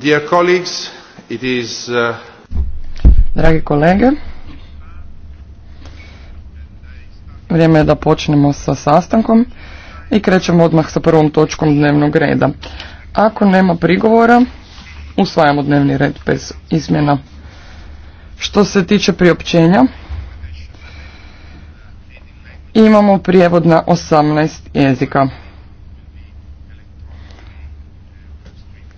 Dear uh, Dragi kolege, vrijeme je da počnemo sa sastankom i krećemo odmah sa prvom točkom dnevnog reda. Ako nema prigovora, usvajamo dnevni red bez izmjena. Što se tiče priopćenja, imamo prijevod na 18 jezika.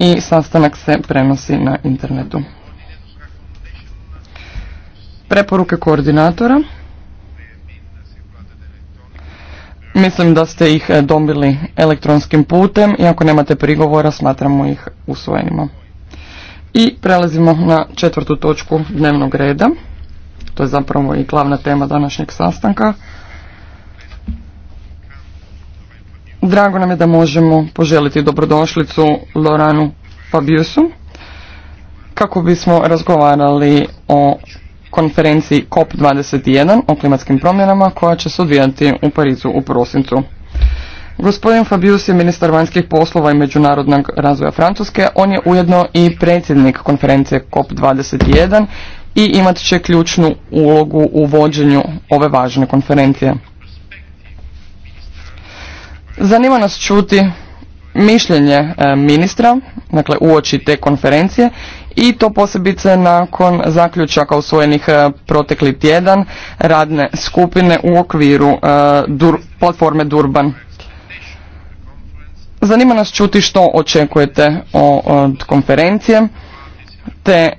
i sastanak se prenosi na internetu. Preporuke koordinatora. Mislim da ste ih e, dobili elektronskim putem i ako nemate prigovora smatramo ih usvojenima. I prelazimo na četvrtu točku dnevnog reda. To je zapravo i glavna tema današnjeg sastanka. Drago nam je da možemo poželiti dobrodošlicu Loranu Fabiusu kako bismo razgovarali o konferenciji COP21 o klimatskim promjenama koja će se odvijati u Parizu u prosincu. Gospodin Fabius je ministar vanjskih poslova i međunarodnog razvoja Francuske. On je ujedno i predsjednik konferencije COP21 i imat će ključnu ulogu u vođenju ove važne konferencije. Zanima nas čuti mišljenje e, ministra, dakle uoči te konferencije i to posebice nakon zaključaka usvojenih e, protekli tjedan radne skupine u okviru e, platforme Durban. Zanima nas čuti što očekujete od konferencije te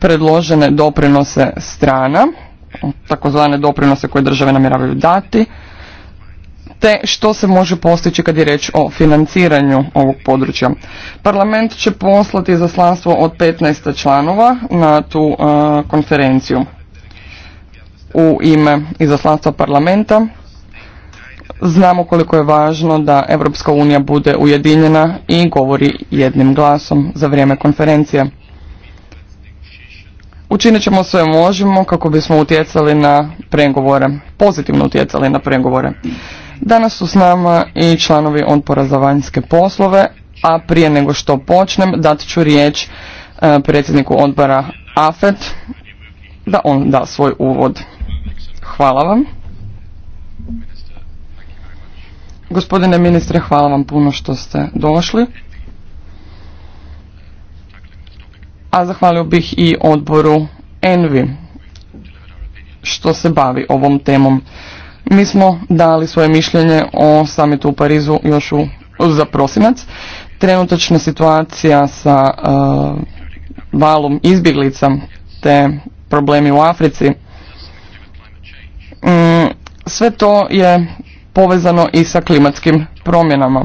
predložene doprinose strana, takozvane doprinose koje države namjeravaju dati, te što se može postići kad je riječ o financiranju ovog područja. Parlament će poslati izaslanstvo od 15 članova na tu e, konferenciju u ime izaslanstva parlamenta. Znamo koliko je važno da Europska unija bude ujedinjena i govori jednim glasom za vrijeme konferencije. Učinit ćemo sve možemo kako bismo utjecali na pregovore, pozitivno utjecali na pregovore. Danas su s nama i članovi Odbora za vanjske poslove, a prije nego što počnem dat ću riječ e, predsjedniku odbora AFET da on da svoj uvod. Hvala vam. Gospodine ministre, hvala vam puno što ste došli. A zahvalio bih i odboru Envi što se bavi ovom temom. Mi smo dali svoje mišljenje o samitu u Parizu još u, za prosinac. Trenutačna situacija sa eh, valom izbjeglica te problemi u Africi. Mm, sve to je povezano i sa klimatskim promjenama.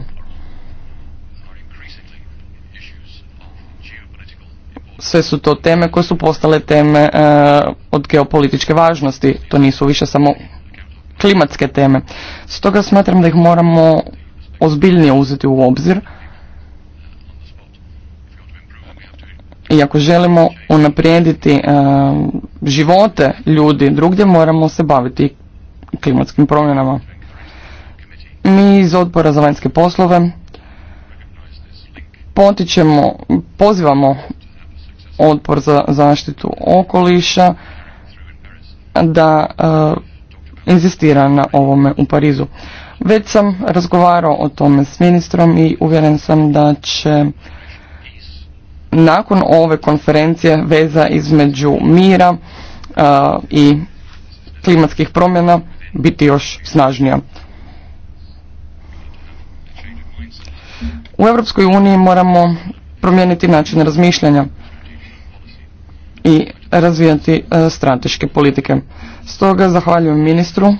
sve su to teme koje su postale teme eh, od geopolitičke važnosti to nisu više samo klimatske teme. Stoga smatram da ih moramo ozbiljnije uzeti u obzir. I ako želimo unaprijediti e, živote ljudi drugdje, moramo se baviti klimatskim promjenama. Mi iz odbora za vanjske poslove potičemo, pozivamo odbor za zaštitu okoliša da e, inzistira na ovome u Parizu. Već sam razgovarao o tome s ministrom i uvjeren sam da će nakon ove konferencije veza između mira i klimatskih promjena biti još snažnija. U Europskoj uniji moramo promijeniti način razmišljanja i razvijati strateške politike. Stoga zahvaljujem ministru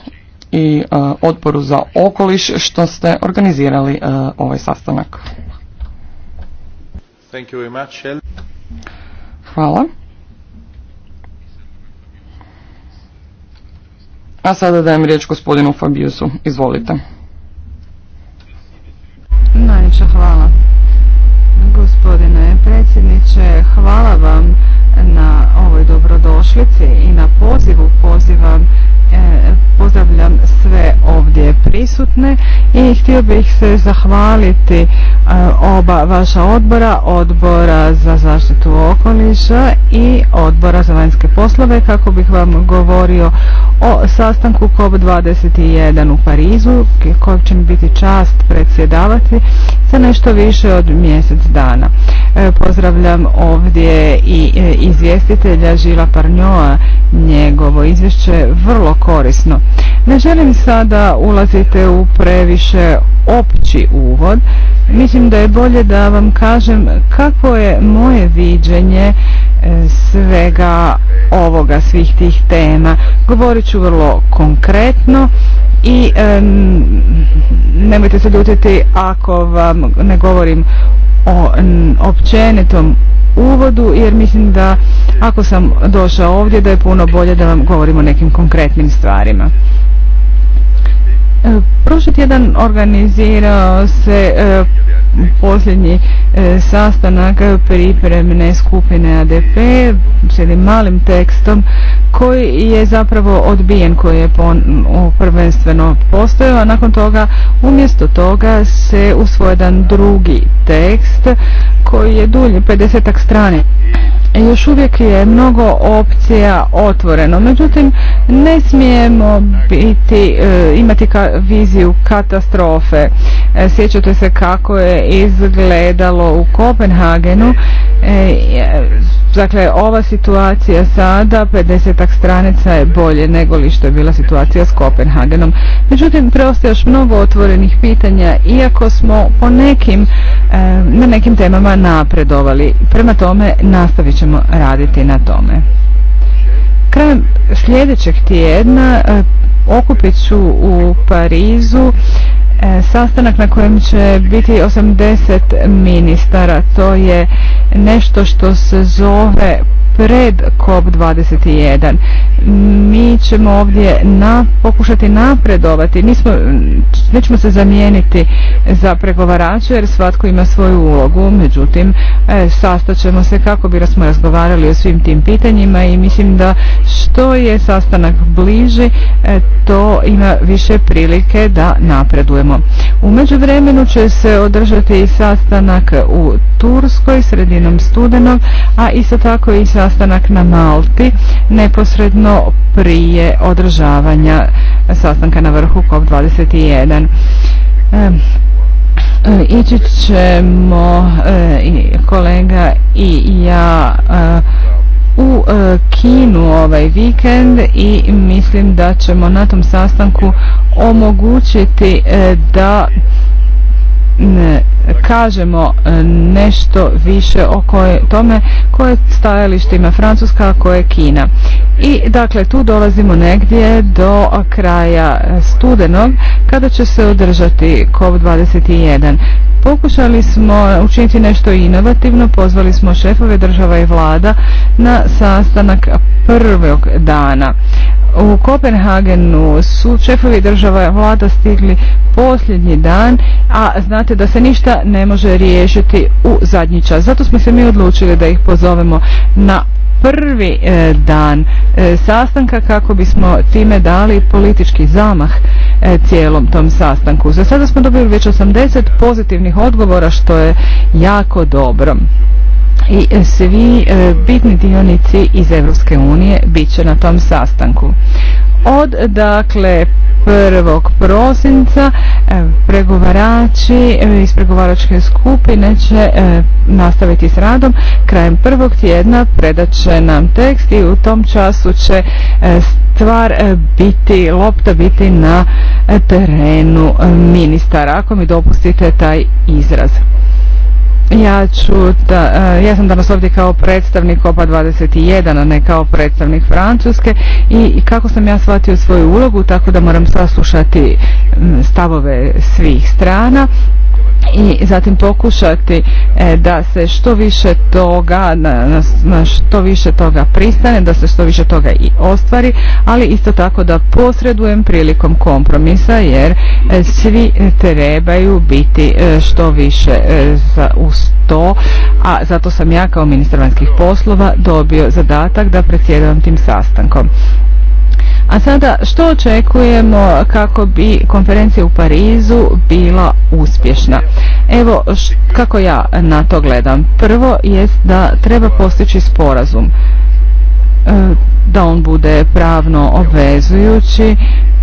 i uh, odboru za okoliš što ste organizirali e, ovaj sastanak. Thank you very much. Hvala. A sada dajem riječ gospodinu Fabiusu. Izvolite. Najljepša hvala gospodine predsjedniče. Hvala vam na ovoj dobrodošlici i na pozivu. Pozivam E, pozdravljam sve ovdje prisutne i htio bih se zahvaliti e, oba vaša odbora, odbora za zaštitu okoliša i odbora za vanjske poslove kako bih vam govorio o sastanku COP21 u Parizu kojeg će mi biti čast predsjedavati za nešto više od mjesec dana. E, pozdravljam ovdje i izvjestitelja Žila Parnjoa, njegovo izvješće vrlo korisno. Ne želim sada ulaziti u previše opći uvod. Mislim da je bolje da vam kažem kako je moje viđenje e, svega ovoga, svih tih tema. Govorit ću vrlo konkretno i nemojte se ljutiti ako vam ne govorim o općenitom uvodu jer mislim da ako sam došao ovdje da je puno bolje da vam govorim o nekim konkretnim stvarima. E, prošli tjedan organizirao se e, posljednji e, sastanak pripremne skupine ADP s jednim malim tekstom koji je zapravo odbijen koji je prvenstveno postojao a nakon toga umjesto toga se usvoje jedan drugi tekst koji je dulji 50 strani još uvijek je mnogo opcija otvoreno. Međutim, ne smijemo biti, e, imati ka, viziju katastrofe. E, sjećate se kako je izgledalo u Kopenhagenu. E, Dakle, ova situacija sada, 50 stranica je bolje nego li što je bila situacija s Kopenhagenom. Međutim, preostaje još mnogo otvorenih pitanja, iako smo po nekim, eh, na nekim temama napredovali. Prema tome, nastavit ćemo raditi na tome. Krajem sljedećeg tjedna eh, okupit ću u Parizu E, sastanak na kojem će biti 80 ministara. To je nešto što se zove pred COP21. Mi ćemo ovdje na, pokušati napredovati, nećemo se zamijeniti za pregovarače jer svatko ima svoju ulogu, međutim e, sastaćemo se kako bi smo razgovarali o svim tim pitanjima i mislim da što je sastanak bliži, e, to ima više prilike da napredujemo. U međuvremenu će se održati i sastanak u Turskoj sredinom studenog, a isto tako i sastanak sastanak na Malti neposredno prije održavanja sastanka na vrhu COP21. E, ići ćemo e, kolega i ja e, u Kinu ovaj vikend i mislim da ćemo na tom sastanku omogućiti da kažemo e, nešto više o koje, tome koje stajalište ima Francuska, a koje Kina. I dakle tu dolazimo negdje do kraja studenog kada će se održati COP21. Pokušali smo učiniti nešto inovativno, pozvali smo šefove država i vlada na sastanak prvog dana. U Kopenhagenu su šefovi država i vlada stigli posljednji dan, a znate da se ništa ne može riješiti u zadnji čas. Zato smo se mi odlučili da ih pozovemo na prvi e, dan e, sastanka kako bismo time dali politički zamah e, cijelom tom sastanku. Za sada smo dobili već 80 pozitivnih odgovora što je jako dobro. I svi bitni dionici iz Europske unije bit će na tom sastanku. Od dakle 1. prosinca e, pregovarači e, iz pregovaračke skupine će e, nastaviti s radom. Krajem prvog tjedna predat će nam tekst i u tom času će stvar biti, lopta biti na terenu ministara, ako mi dopustite taj izraz. Ja ću, da, eh, ja sam danas ovdje kao predstavnik OPA 21, a ne kao predstavnik Francuske i kako sam ja shvatio svoju ulogu, tako da moram saslušati mm, stavove svih strana i zatim pokušati e, da se što više toga na, što više toga pristane da se što više toga i ostvari ali isto tako da posredujem prilikom kompromisa jer e, svi trebaju biti e, što više za, uz to a zato sam ja kao ministar vanjskih poslova dobio zadatak da predsjedavam tim sastankom a sada što očekujemo kako bi konferencija u Parizu bila uspješna? Evo kako ja na to gledam. Prvo jest da treba postići sporazum. E, da on bude pravno obvezujući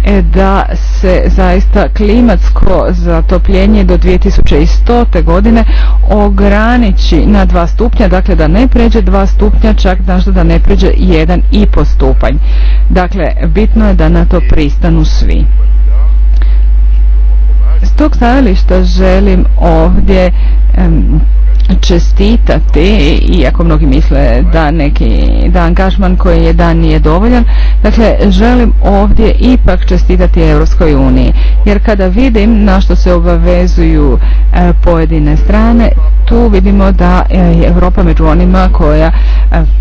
e, da se zaista klimatsko zatopljenje do 2100. godine ograniči na dva stupnja, dakle da ne pređe dva stupnja, čak da ne pređe po stupanj. Dakle, bitno je da na to pristanu svi. S tog stajališta želim ovdje čestitati, iako mnogi misle da neki da angažman koji je dan nije dovoljan, dakle želim ovdje ipak čestitati Europskoj uniji, jer kada vidim na što se obavezuju e, pojedine strane, tu vidimo da je Europa među onima koja e,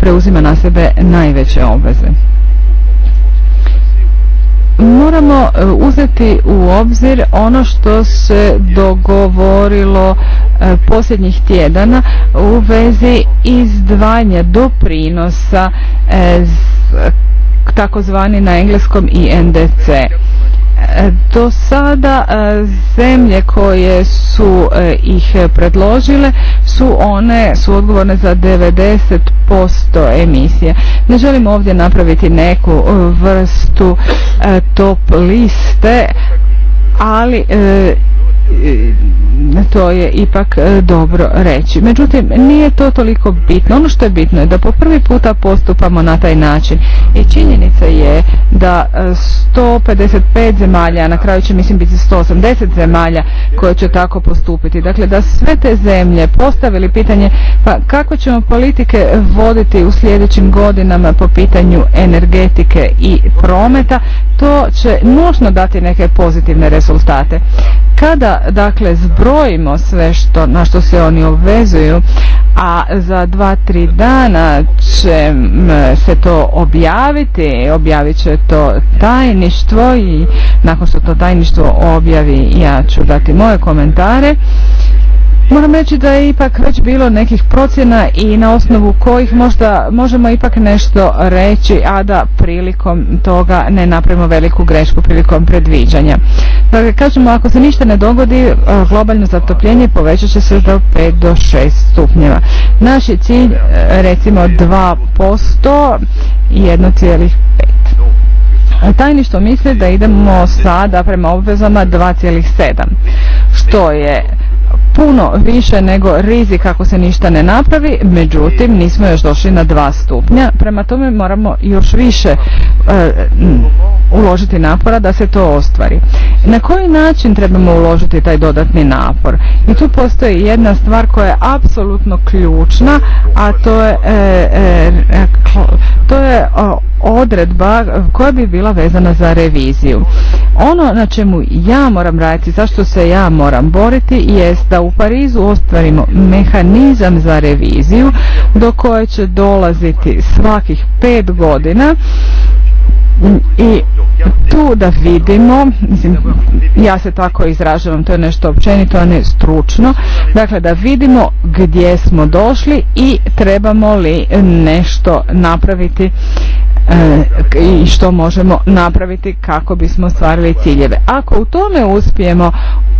preuzima na sebe najveće obveze. Moramo e, uzeti u obzir ono što se dogovorilo E, posljednjih tjedana u vezi izdvajanja doprinosa e, takozvani na engleskom INDC. E, do sada zemlje koje su ih predložile su one su odgovorne za 90% emisije. Ne želim ovdje napraviti neku vrstu top liste, ali to je ipak e, dobro reći. Međutim, nije to toliko bitno. Ono što je bitno je da po prvi puta postupamo na taj način. I činjenica je da 155 e, zemalja, na kraju će mislim biti 180 zemalja koje će tako postupiti. Dakle, da sve te zemlje postavili pitanje pa kako ćemo politike voditi u sljedećim godinama po pitanju energetike i prometa, to će nužno dati neke pozitivne rezultate. Kada, dakle, zbrojimo zbrojimo sve što, na što se oni obvezuju, a za dva, tri dana će e, se to objaviti, objavit će to tajništvo i nakon što to tajništvo objavi ja ću dati moje komentare Moram reći da je ipak već bilo nekih procjena i na osnovu kojih možda možemo ipak nešto reći, a da prilikom toga ne napravimo veliku grešku prilikom predviđanja. Dakle, kažemo, ako se ništa ne dogodi, e, globalno zatopljenje povećat će se do 5 do 6 stupnjeva. Naš je cilj, e, recimo, 2%, 1,5%. Tajništvo misli da idemo sada prema obvezama 2,7, što je puno više nego rizik ako se ništa ne napravi, međutim nismo još došli na dva stupnja, prema tome moramo još više e, uložiti napora da se to ostvari. Na koji način trebamo uložiti taj dodatni napor? I tu postoji jedna stvar koja je apsolutno ključna, a to je, e, e, to je odredba koja bi bila vezana za reviziju. Ono na čemu ja moram raditi, zašto se ja moram boriti, jest da u Parizu ostvarimo mehanizam za reviziju do koje će dolaziti svakih pet godina i tu da vidimo, ja se tako izražavam, to je nešto općenito, a ne stručno, dakle da vidimo gdje smo došli i trebamo li nešto napraviti e, i što možemo napraviti kako bismo stvarili ciljeve. Ako u tome uspijemo,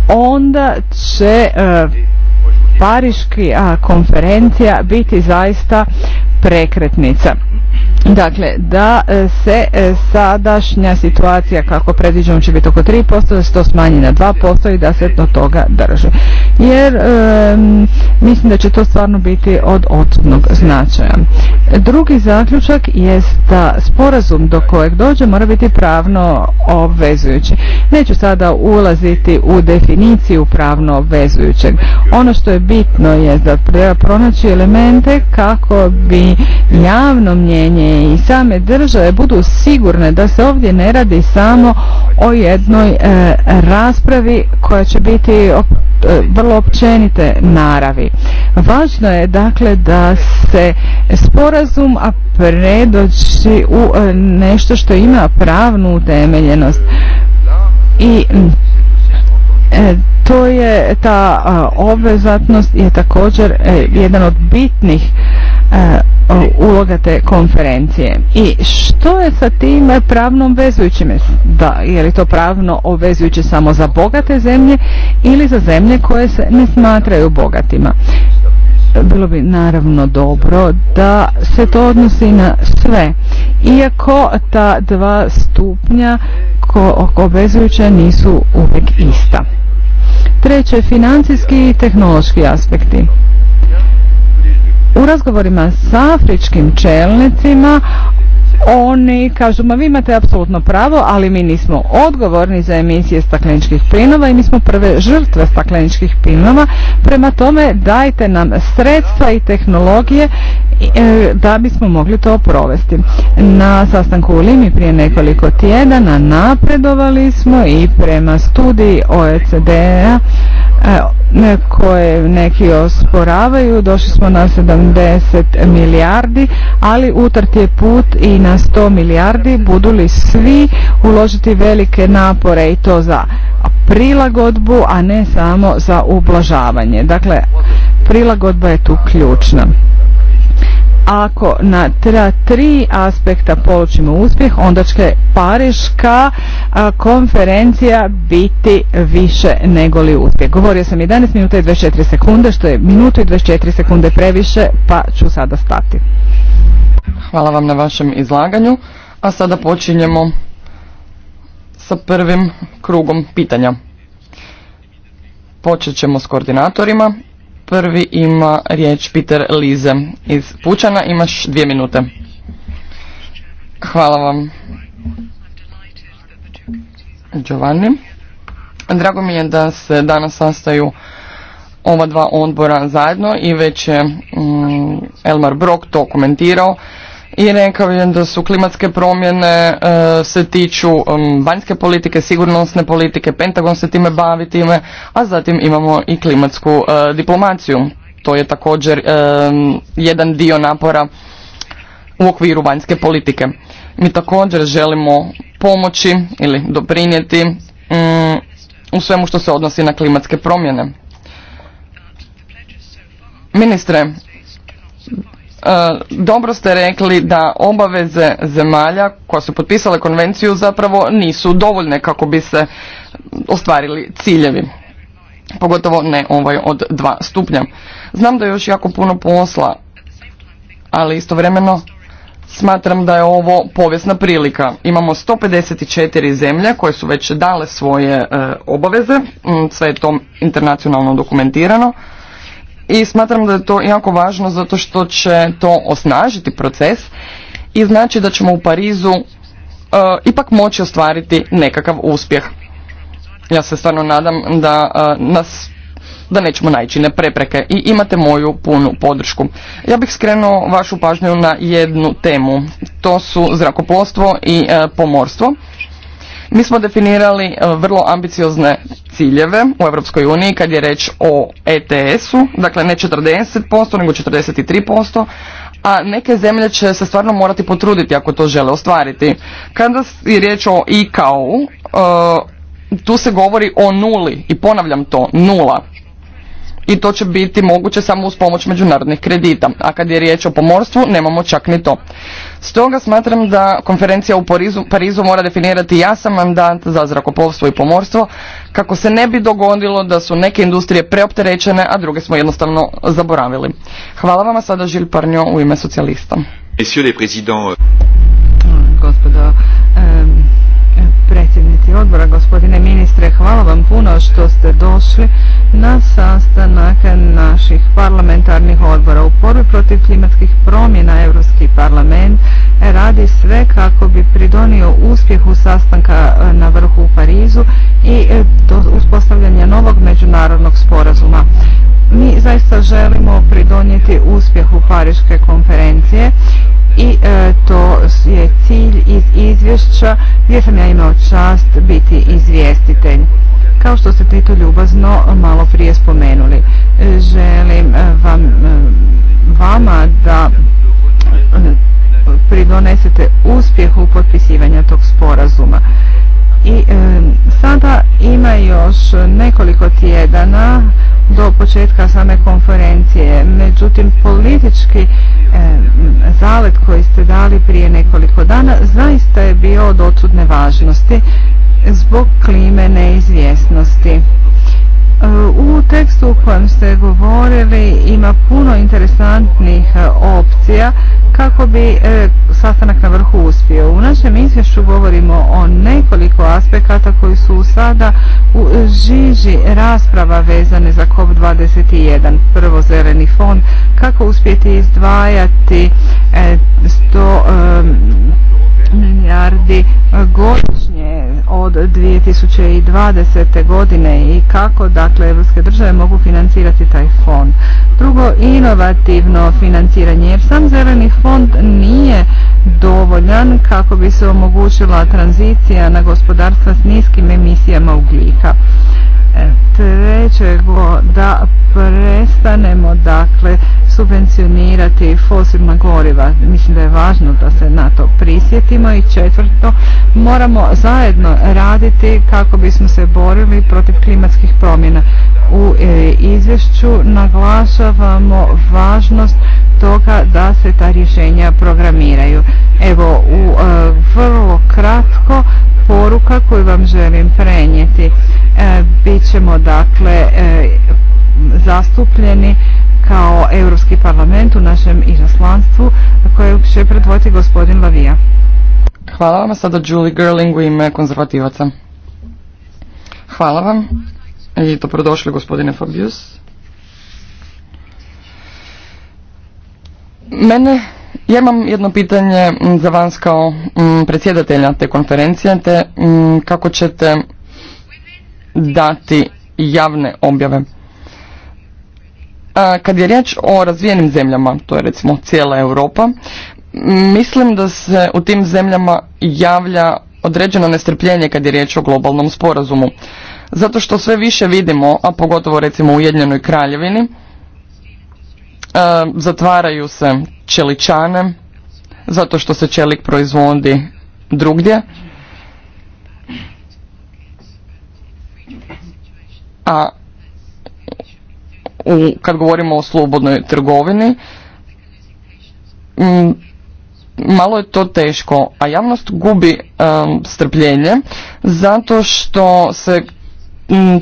onda će e, Pariški konferencija biti zaista prekretnica. Dakle, da e, se e, sadašnja situacija kako predviđamo će biti oko 3%, da se to smanji na 2% i da se do toga drže. Jer e, mislim da će to stvarno biti od odsudnog značaja. Drugi zaključak jest da sporazum do kojeg dođe mora biti pravno obvezujući. Neću sada ulaziti u definiciju pravno obvezujućeg. Ono što je bitno je da treba pronaći elemente kako bi javno mnjenje i same države budu sigurne da se ovdje ne radi samo o jednoj e, raspravi koja će biti e, vrlo općenite naravi. Važno je dakle da se sporazum a predoći u e, nešto što ima pravnu utemeljenost i to je ta obvezatnost je također jedan od bitnih E, uloga te konferencije. I što je sa tim pravno obvezujućim? Da, je li to pravno obvezujuće samo za bogate zemlje ili za zemlje koje se ne smatraju bogatima? Bilo bi naravno dobro da se to odnosi na sve. Iako ta dva stupnja obvezujuća nisu uvijek ista. Treće, financijski i tehnološki aspekti. U razgovorima s afričkim čelnicima oni kažu, ma vi imate apsolutno pravo, ali mi nismo odgovorni za emisije stakleničkih plinova i mi smo prve žrtve stakleničkih plinova. Prema tome dajte nam sredstva i tehnologije e, da bismo mogli to provesti. Na sastanku u Limi prije nekoliko tjedana napredovali smo i prema studiji OECD-a e, koje neki osporavaju. Došli smo na 70 milijardi, ali utrt je put i na 100 milijardi budu li svi uložiti velike napore i to za prilagodbu, a ne samo za ublažavanje. Dakle, prilagodba je tu ključna. Ako na tra tri aspekta polučimo uspjeh, onda će Pariška konferencija biti više nego li uspjeh. Govorio sam 11 minuta i 24 sekunde, što je minuta i 24 sekunde previše, pa ću sada stati. Hvala vam na vašem izlaganju, a sada počinjemo sa prvim krugom pitanja. Počet ćemo s koordinatorima Prvi ima riječ Peter Lize iz Pučana. Imaš dvije minute. Hvala vam. Giovanni. Drago mi je da se danas sastaju ova dva odbora zajedno i već je mm, Elmar Brok to komentirao i rekao je da su klimatske promjene e, se tiču vanjske politike, sigurnosne politike, Pentagon se time bavi time, a zatim imamo i klimatsku e, diplomaciju. To je također e, jedan dio napora u okviru vanjske politike. Mi također želimo pomoći ili doprinijeti mm, u svemu što se odnosi na klimatske promjene. Ministre, E, dobro ste rekli da obaveze zemalja koja su potpisale konvenciju zapravo nisu dovoljne kako bi se ostvarili ciljevi. Pogotovo ne ovaj od dva stupnja. Znam da je još jako puno posla, ali istovremeno smatram da je ovo povijesna prilika. Imamo 154 zemlje koje su već dale svoje e, obaveze, mm, sve je to internacionalno dokumentirano i smatram da je to jako važno zato što će to osnažiti proces i znači da ćemo u Parizu e, ipak moći ostvariti nekakav uspjeh. Ja se stvarno nadam da e, nas da nećemo naići na prepreke i imate moju punu podršku. Ja bih skrenuo vašu pažnju na jednu temu. To su zrakoplovstvo i e, pomorstvo. Mi smo definirali e, vrlo ambiciozne ciljeve u Europskoj uniji kad je reč o ETS-u, dakle ne 40% nego 43%, a neke zemlje će se stvarno morati potruditi ako to žele ostvariti. Kada je riječ o IKU, e, tu se govori o nuli i ponavljam to, nula i to će biti moguće samo uz pomoć međunarodnih kredita, a kad je riječ o pomorstvu nemamo čak ni to. Stoga smatram da konferencija u Parizu, Parizu mora definirati jasan mandat za zrakoplovstvo i pomorstvo kako se ne bi dogodilo da su neke industrije preopterećene, a druge smo jednostavno zaboravili. Hvala vam sada Žil Parnjo u ime socijalista. Euh, Gospodo, um predsjednici odbora, gospodine ministre, hvala vam puno što ste došli na sastanak naših parlamentarnih odbora. U borbi protiv klimatskih promjena Europski parlament radi sve kako bi pridonio uspjehu sastanka e, na vrhu u Parizu i e, uspostavljanja novog međunarodnog sporazuma. Mi zaista želimo pridonijeti uspjehu Pariške konferencije i e, to je cilj iz izvješća gdje sam ja imao čast biti izvjestitelj. Kao što ste Tito ljubazno malo prije spomenuli, želim eh, vam, eh, vama da eh, pridonesete uspjehu potpisivanja tog sporazuma. I sada ima još nekoliko tjedana do početka same konferencije. Međutim, politički zalet koji ste dali prije nekoliko dana zaista je bio od odsudne važnosti zbog klime neizvjesnosti. U tekstu u kojem ste govorili ima puno interesantnih e, opcija kako bi e, sastanak na vrhu uspio. U našem izvješću govorimo o nekoliko aspekata koji su sada u žiži rasprava vezane za COP21. Prvo zeleni fond, kako uspjeti izdvajati 100 e, milijardi e, godišnje od 2020. godine i kako dakle evropske države mogu financirati taj fond. Drugo, inovativno financiranje jer sam zeleni fond nije dovoljan kako bi se omogućila tranzicija na gospodarstva s niskim emisijama ugljika trećego da prestanemo dakle subvencionirati fosilna goriva. Mislim da je važno da se na to prisjetimo i četvrto moramo zajedno raditi kako bismo se borili protiv klimatskih promjena. U e, izvješću naglašavamo važnost toga da se ta rješenja programiraju. Evo u e, vrlo kratko poruka koju vam želim prenijeti. E, bit dakle e, zastupljeni kao Europski parlament u našem izaslanstvu koje će predvoditi gospodin Lavija. Hvala vam sada Julie Gerling u ime konzervativaca. Hvala vam i dobrodošli gospodine Fabius. Mene ja imam jedno pitanje mm, za vas kao mm, predsjedatelja te konferencije, te mm, kako ćete dati javne objave. Kad je riječ o razvijenim zemljama, to je recimo cijela Europa, mislim da se u tim zemljama javlja određeno nestrpljenje kad je riječ o globalnom sporazumu. Zato što sve više vidimo, a pogotovo recimo u Ujedinjenoj kraljevini, E, zatvaraju se čeličane zato što se čelik proizvodi drugdje. A kad govorimo o slobodnoj trgovini, malo je to teško, a javnost gubi e, strpljenje zato što se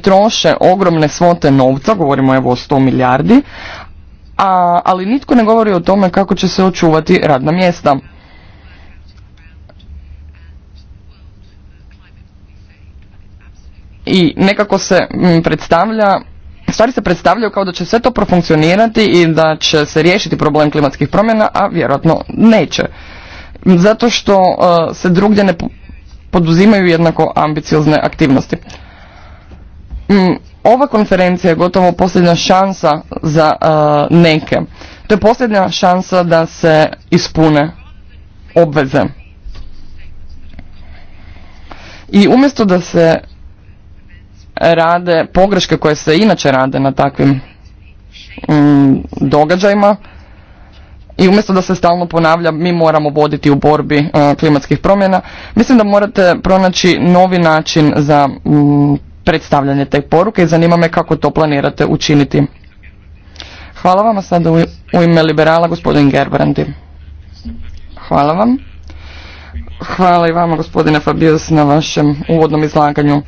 troše ogromne svote novca, govorimo evo o 100 milijardi, a, ali nitko ne govori o tome kako će se očuvati radna mjesta. I nekako se mm, predstavlja, stvari se predstavljaju kao da će sve to profunkcionirati i da će se riješiti problem klimatskih promjena, a vjerojatno neće. Zato što e, se drugdje ne poduzimaju jednako ambiciozne aktivnosti. Mm, ova konferencija je gotovo posljednja šansa za e, neke. To je posljednja šansa da se ispune obveze. I umjesto da se rade pogreške koje se inače rade na takvim mm, događajima i umjesto da se stalno ponavlja mi moramo voditi u borbi e, klimatskih promjena, mislim da morate pronaći novi način za mm, predstavljanje te poruke i zanima me kako to planirate učiniti. Hvala vam, a sada u ime liberala gospodin Gerbrandi. Hvala vam. Hvala i vama gospodine Fabius na vašem uvodnom izlaganju.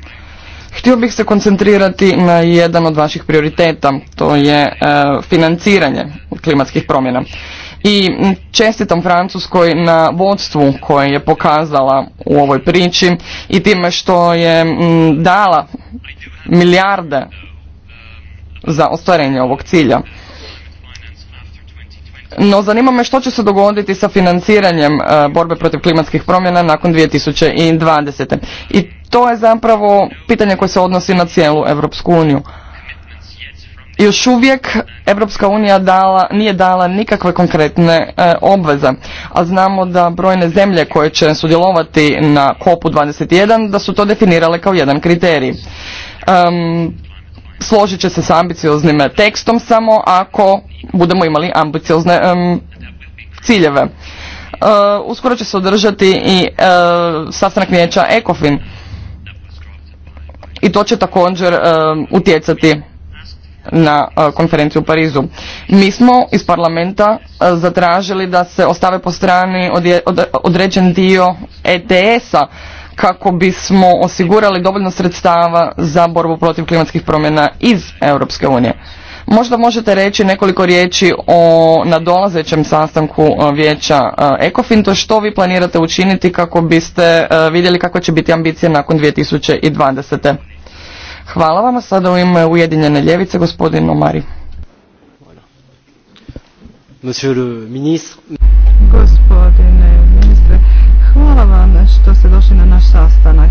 Htio bih se koncentrirati na jedan od vaših prioriteta, to je e, financiranje klimatskih promjena i čestitam Francuskoj na vodstvu koje je pokazala u ovoj priči i time što je dala milijarde za ostvarenje ovog cilja. No zanima me što će se dogoditi sa financiranjem e, borbe protiv klimatskih promjena nakon 2020. I to je zapravo pitanje koje se odnosi na cijelu Europsku uniju još uvijek Europska unija dala, nije dala nikakve konkretne eh, obveze, a znamo da brojne zemlje koje će sudjelovati na kopu 21 da su to definirale kao jedan kriterij. Um, složit će se s ambicioznim tekstom samo ako budemo imali ambiciozne ciljeve. Uh, uskoro će se održati i uh, sastanak vijeća ECOFIN i to će također uh, utjecati na konferenciju u Parizu. Mi smo iz parlamenta zatražili da se ostave po strani određen dio ETS-a kako bismo osigurali dovoljno sredstava za borbu protiv klimatskih promjena iz Europske unije. Možda možete reći nekoliko riječi o nadolazećem sastanku vijeća ECOFIN, to što vi planirate učiniti kako biste vidjeli kako će biti ambicije nakon 2020. Hvala vam. Sada u ime Ujedinjene ljevice gospodin Omari. Gospodine ministre, hvala vam što ste došli na naš sastanak.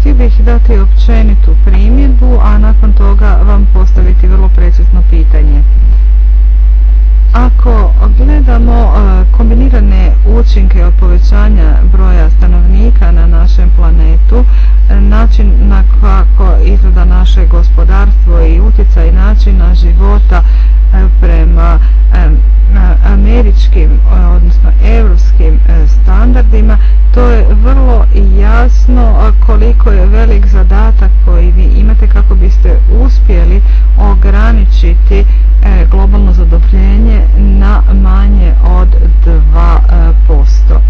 Htio bih dati općenitu primjedbu, a nakon toga vam postaviti vrlo precizno pitanje. Ako gledamo kombinirane učinke od povećanja broja stanovnika na našem planetu, način na kako izgleda naše gospodarstvo i utjecaj načina života E, prema e, američkim, e, odnosno europskim standardima, to je vrlo jasno koliko je velik zadatak koji vi imate kako biste uspjeli ograničiti globalno zadopljenje na manje od 2%.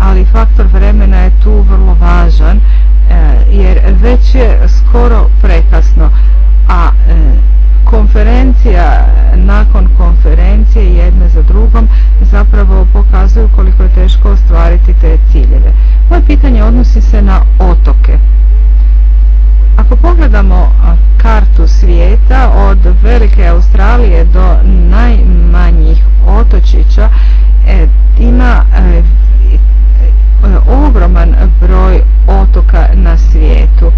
Ali faktor vremena je tu vrlo važan jer već je skoro prekasno, a konferencija nakon konferencije jedne za drugom zapravo pokazuju koliko je teško ostvariti te ciljeve. Moje pitanje odnosi se na otoke. Ako pogledamo kartu svijeta od Velike Australije do najmanjih otočića e, ima e, E, ogroman broj otoka na svijetu.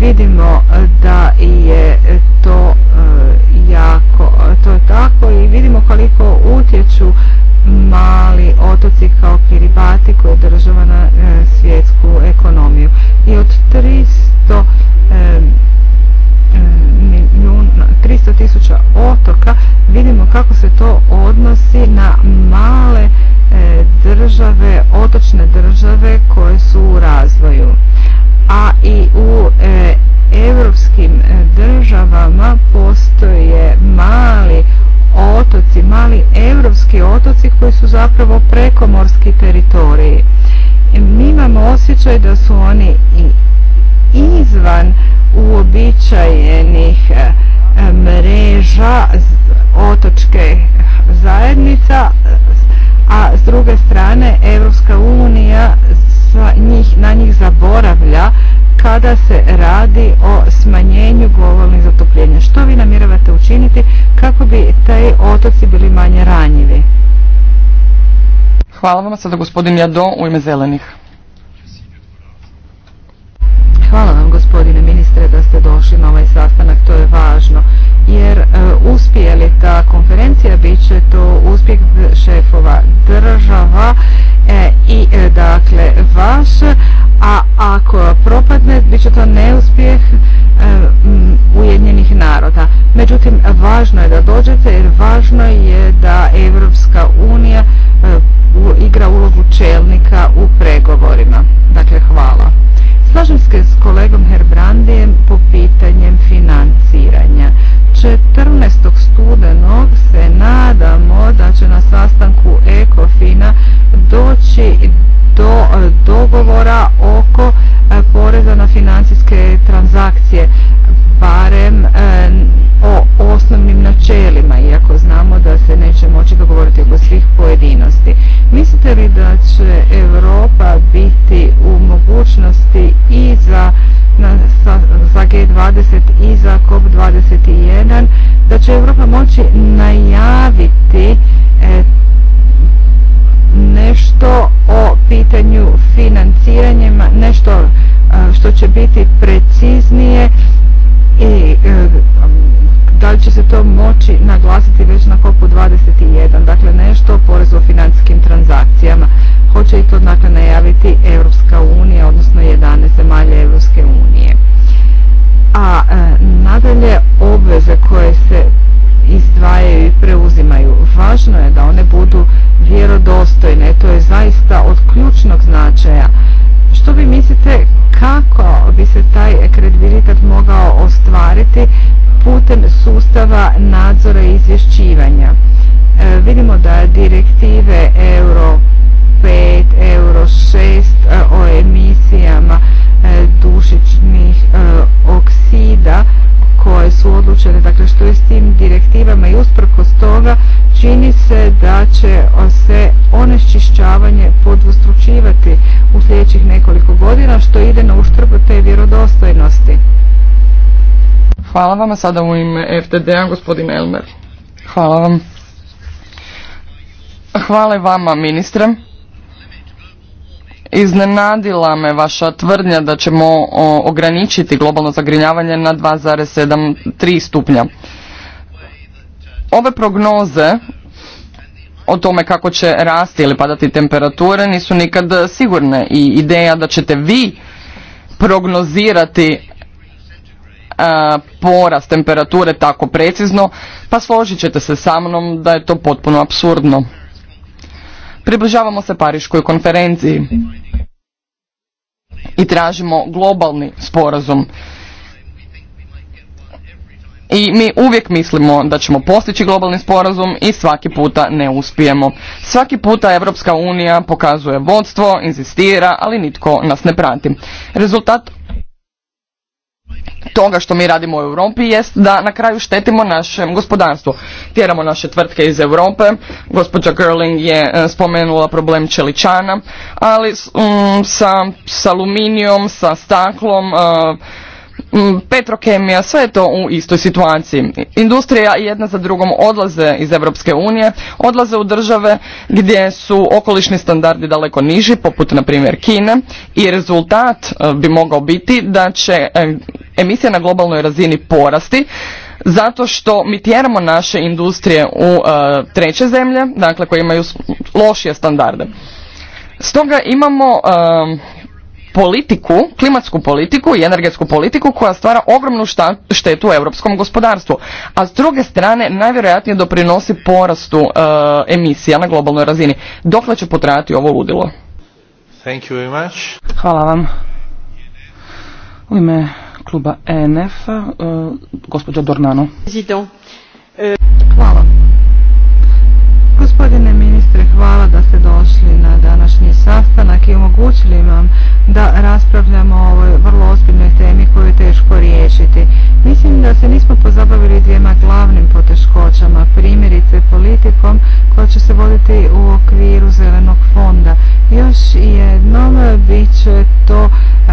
Vidimo da je to e, jako, to je tako i vidimo koliko utječu mali otoci kao Kiribati koji država na e, svjetsku ekonomiju. I od 300 milijuna 300 tisuća otoka, vidimo kako se to odnosi na male e, države, otočne države koje su u razvoju. A i u e, europskim evropskim državama postoje mali otoci, mali evropski otoci koji su zapravo prekomorski teritoriji. E, mi imamo osjećaj da su oni i izvan uobičajenih mreža otočke zajednica, a s druge strane Europska unija na njih zaboravlja kada se radi o smanjenju globalnih zatopljenja. Što vi namiravate učiniti kako bi taj otoci bili manje ranjivi? Hvala vam sada gospodin Jadon u ime zelenih. Hvala vam gospodine ministre da ste došli na ovaj sastanak, to je važno. Jer e, uspije li ta konferencija, bit će to uspjeh šefova država e, i e, dakle vaš, a ako propadne, bit će to neuspjeh ujednjenih naroda. Međutim, važno je da dođete jer važno je da Evropska unija igra ulogu čelnika u pregovorima. Dakle, hvala. Slažem se s kolegom Herbrandijem po pitanjem financiranja. 14. studenog se nadamo da će na sastanku ECOFINA doći do e, dogovora oko e, poreza na financijske transakcije, barem e, o osnovnim načelima, iako znamo da se neće moći dogovoriti oko svih pojedinosti. Mislite li da će Europa biti u mogućnosti i za, G20 i za COP21, da će Europa moći najaviti nešto o pitanju financiranjima, nešto e, što će biti preciznije i e, da li će se to moći naglasiti već na kopu 21, dakle nešto o porezu o financijskim transakcijama. Hoće i to dakle najaviti Europska unija, odnosno 11 zemalja Europske unije. A e, nadalje obveze koje se izdvajaju i preuzimaju. Važno je da one budu vjerodostojne, to je zaista od ključnog značaja. Što vi mislite kako bi se taj kredibilitet mogao ostvariti putem sustava nadzora i izvješćivanja? E, vidimo da direktive Euro 5, Euro 6 e, o emisijama e, dušičnih oksida koje su odlučene, dakle što je s tim direktivama i usprkos toga čini se da će se onečišćavanje podvostručivati u sljedećih nekoliko godina što ide na uštrb te vjerodostojnosti. Hvala vam, sada u ime FTD-a gospodin Elmer. Hvala vam. Hvala vama ministre. Iznenadila me vaša tvrdnja da ćemo ograničiti globalno zagrinjavanje na 2,73 stupnja. Ove prognoze o tome kako će rasti ili padati temperature nisu nikad sigurne i ideja da ćete vi prognozirati porast temperature tako precizno, pa složit ćete se sa mnom da je to potpuno apsurdno. Približavamo se Pariškoj konferenciji i tražimo globalni sporazum. I mi uvijek mislimo da ćemo postići globalni sporazum i svaki puta ne uspijemo. Svaki puta Europska unija pokazuje vodstvo, inzistira, ali nitko nas ne prati. Rezultat toga što mi radimo u Europi jest da na kraju štetimo našem gospodarstvu. Tjeramo naše tvrtke iz Europe, gospođa Gerling je e, spomenula problem čeličana, ali mm, sa, s aluminijom, sa staklom, e, Mm, petrokemija, sve je to u istoj situaciji. Industrija jedna za drugom odlaze iz Europske unije, odlaze u države gdje su okolišni standardi daleko niži, poput na primjer Kine, i rezultat e, bi mogao biti da će e, emisija na globalnoj razini porasti, zato što mi tjeramo naše industrije u e, treće zemlje, dakle koje imaju lošije standarde. Stoga imamo politiku, klimatsku politiku i energetsku politiku koja stvara ogromnu štetu u europskom gospodarstvu, a s druge strane najvjerojatnije doprinosi porastu e, emisija na globalnoj razini. Dokle će potrajati ovo ludilo? Thank you very much. Hvala vam. U ime kluba ENF, e, gospođa Hvala. Gospodine ministre, hvala da ste došli na današnji sastanak i omogućili vam da raspravljamo o ovoj vrlo ozbiljnoj temi koju je teško riješiti. Mislim da se nismo pozabavili dvijema glavnim poteškoćama, primjerice politikom koja će se voditi u okviru Zelenog fonda. Još jednom bit će to e,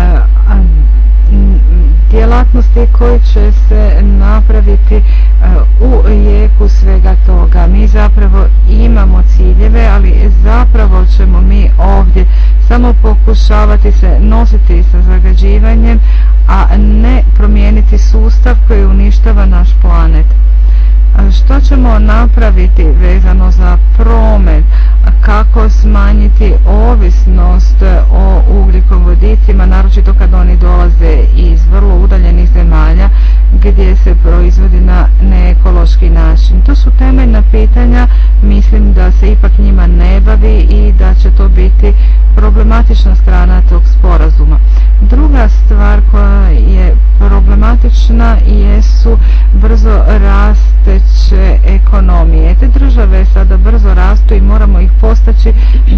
djelatnosti koje će se napraviti e, u jeku svega toga. Mi zapravo imamo cilje ali zapravo ćemo mi ovdje samo pokušavati se nositi sa zagađivanjem, a ne promijeniti sustav koji uništava naš planet. Što ćemo napraviti vezano za promet? Kako smanjiti ovisnost o ugljikovodicima, naročito kad oni dolaze iz vrlo udaljenih zemalja gdje se proizvodi na neekološki način? To su temeljna pitanja se ipak njima ne bavi i da će to biti problematična strana tog sporazuma. Druga stvar koja je problematična jesu brzo rasteće ekonomije. Te države sada brzo rastu i moramo ih postaći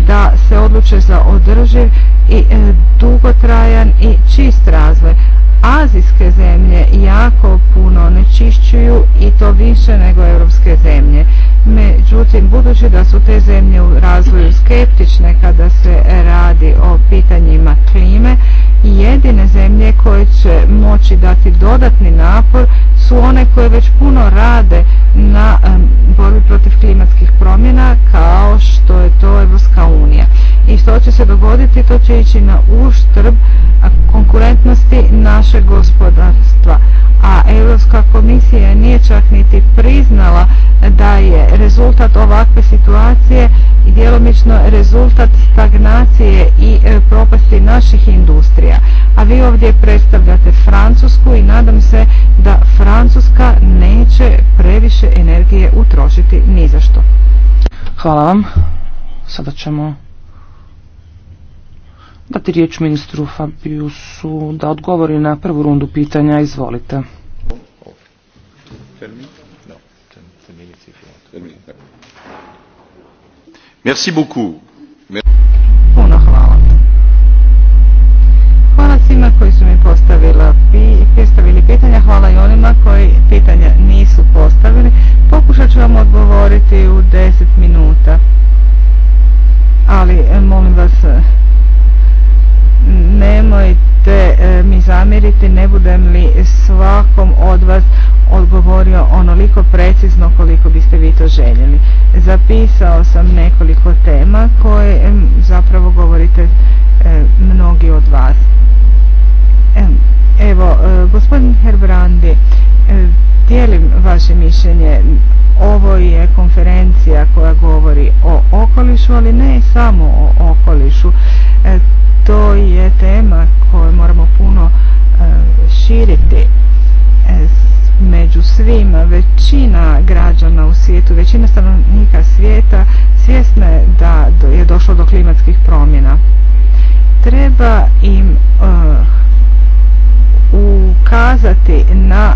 da se odluče za održiv i e, dugotrajan i čist razvoj. Azijske zemlje jako puno onečišćuju i to više nego europske zemlje. Međutim, budući da su te zemlje u razvoju skeptične kada se radi o pitanjima klime, jedine zemlje koje će moći dati dodatni napor su one koje već puno rade na borbi protiv klimatskih promjena kao što je to Evropska unija. I što će se dogoditi, to će ići na uštrb konkurentnosti našeg gospodarstva. A Europska komisija nije čak niti priznala da je rezultat ovakve situacije i djelomično rezultat stagnacije i e, propasti naših industrija. A vi ovdje predstavljate Francusku i nadam se da Francuska neće previše energije utrošiti ni za što. Hvala vam. Sada ćemo dati riječ ministru Fabiusu da odgovori na prvu rundu pitanja. Izvolite. Hvala. Puno hvala. Hvala svima koji su mi postavila, postavili pitanja, hvala i onima koji pitanja nisu postavili. Pokušat ću vam odgovoriti u deset minuta, ali eh, molim vas nemojte e, mi zamjeriti, ne budem li svakom od vas odgovorio onoliko precizno koliko biste vi to željeli. Zapisao sam nekoliko tema koje zapravo govorite e, mnogi od vas. Evo, e, gospodin Herbrandi, dijelim vaše mišljenje. Ovo je konferencija koja govori o okolišu, ali ne samo o okolišu to je tema koju moramo puno e, širiti e, među svima. Većina građana u svijetu, većina stanovnika svijeta svjesna je da je došlo do klimatskih promjena. Treba im e, ukazati na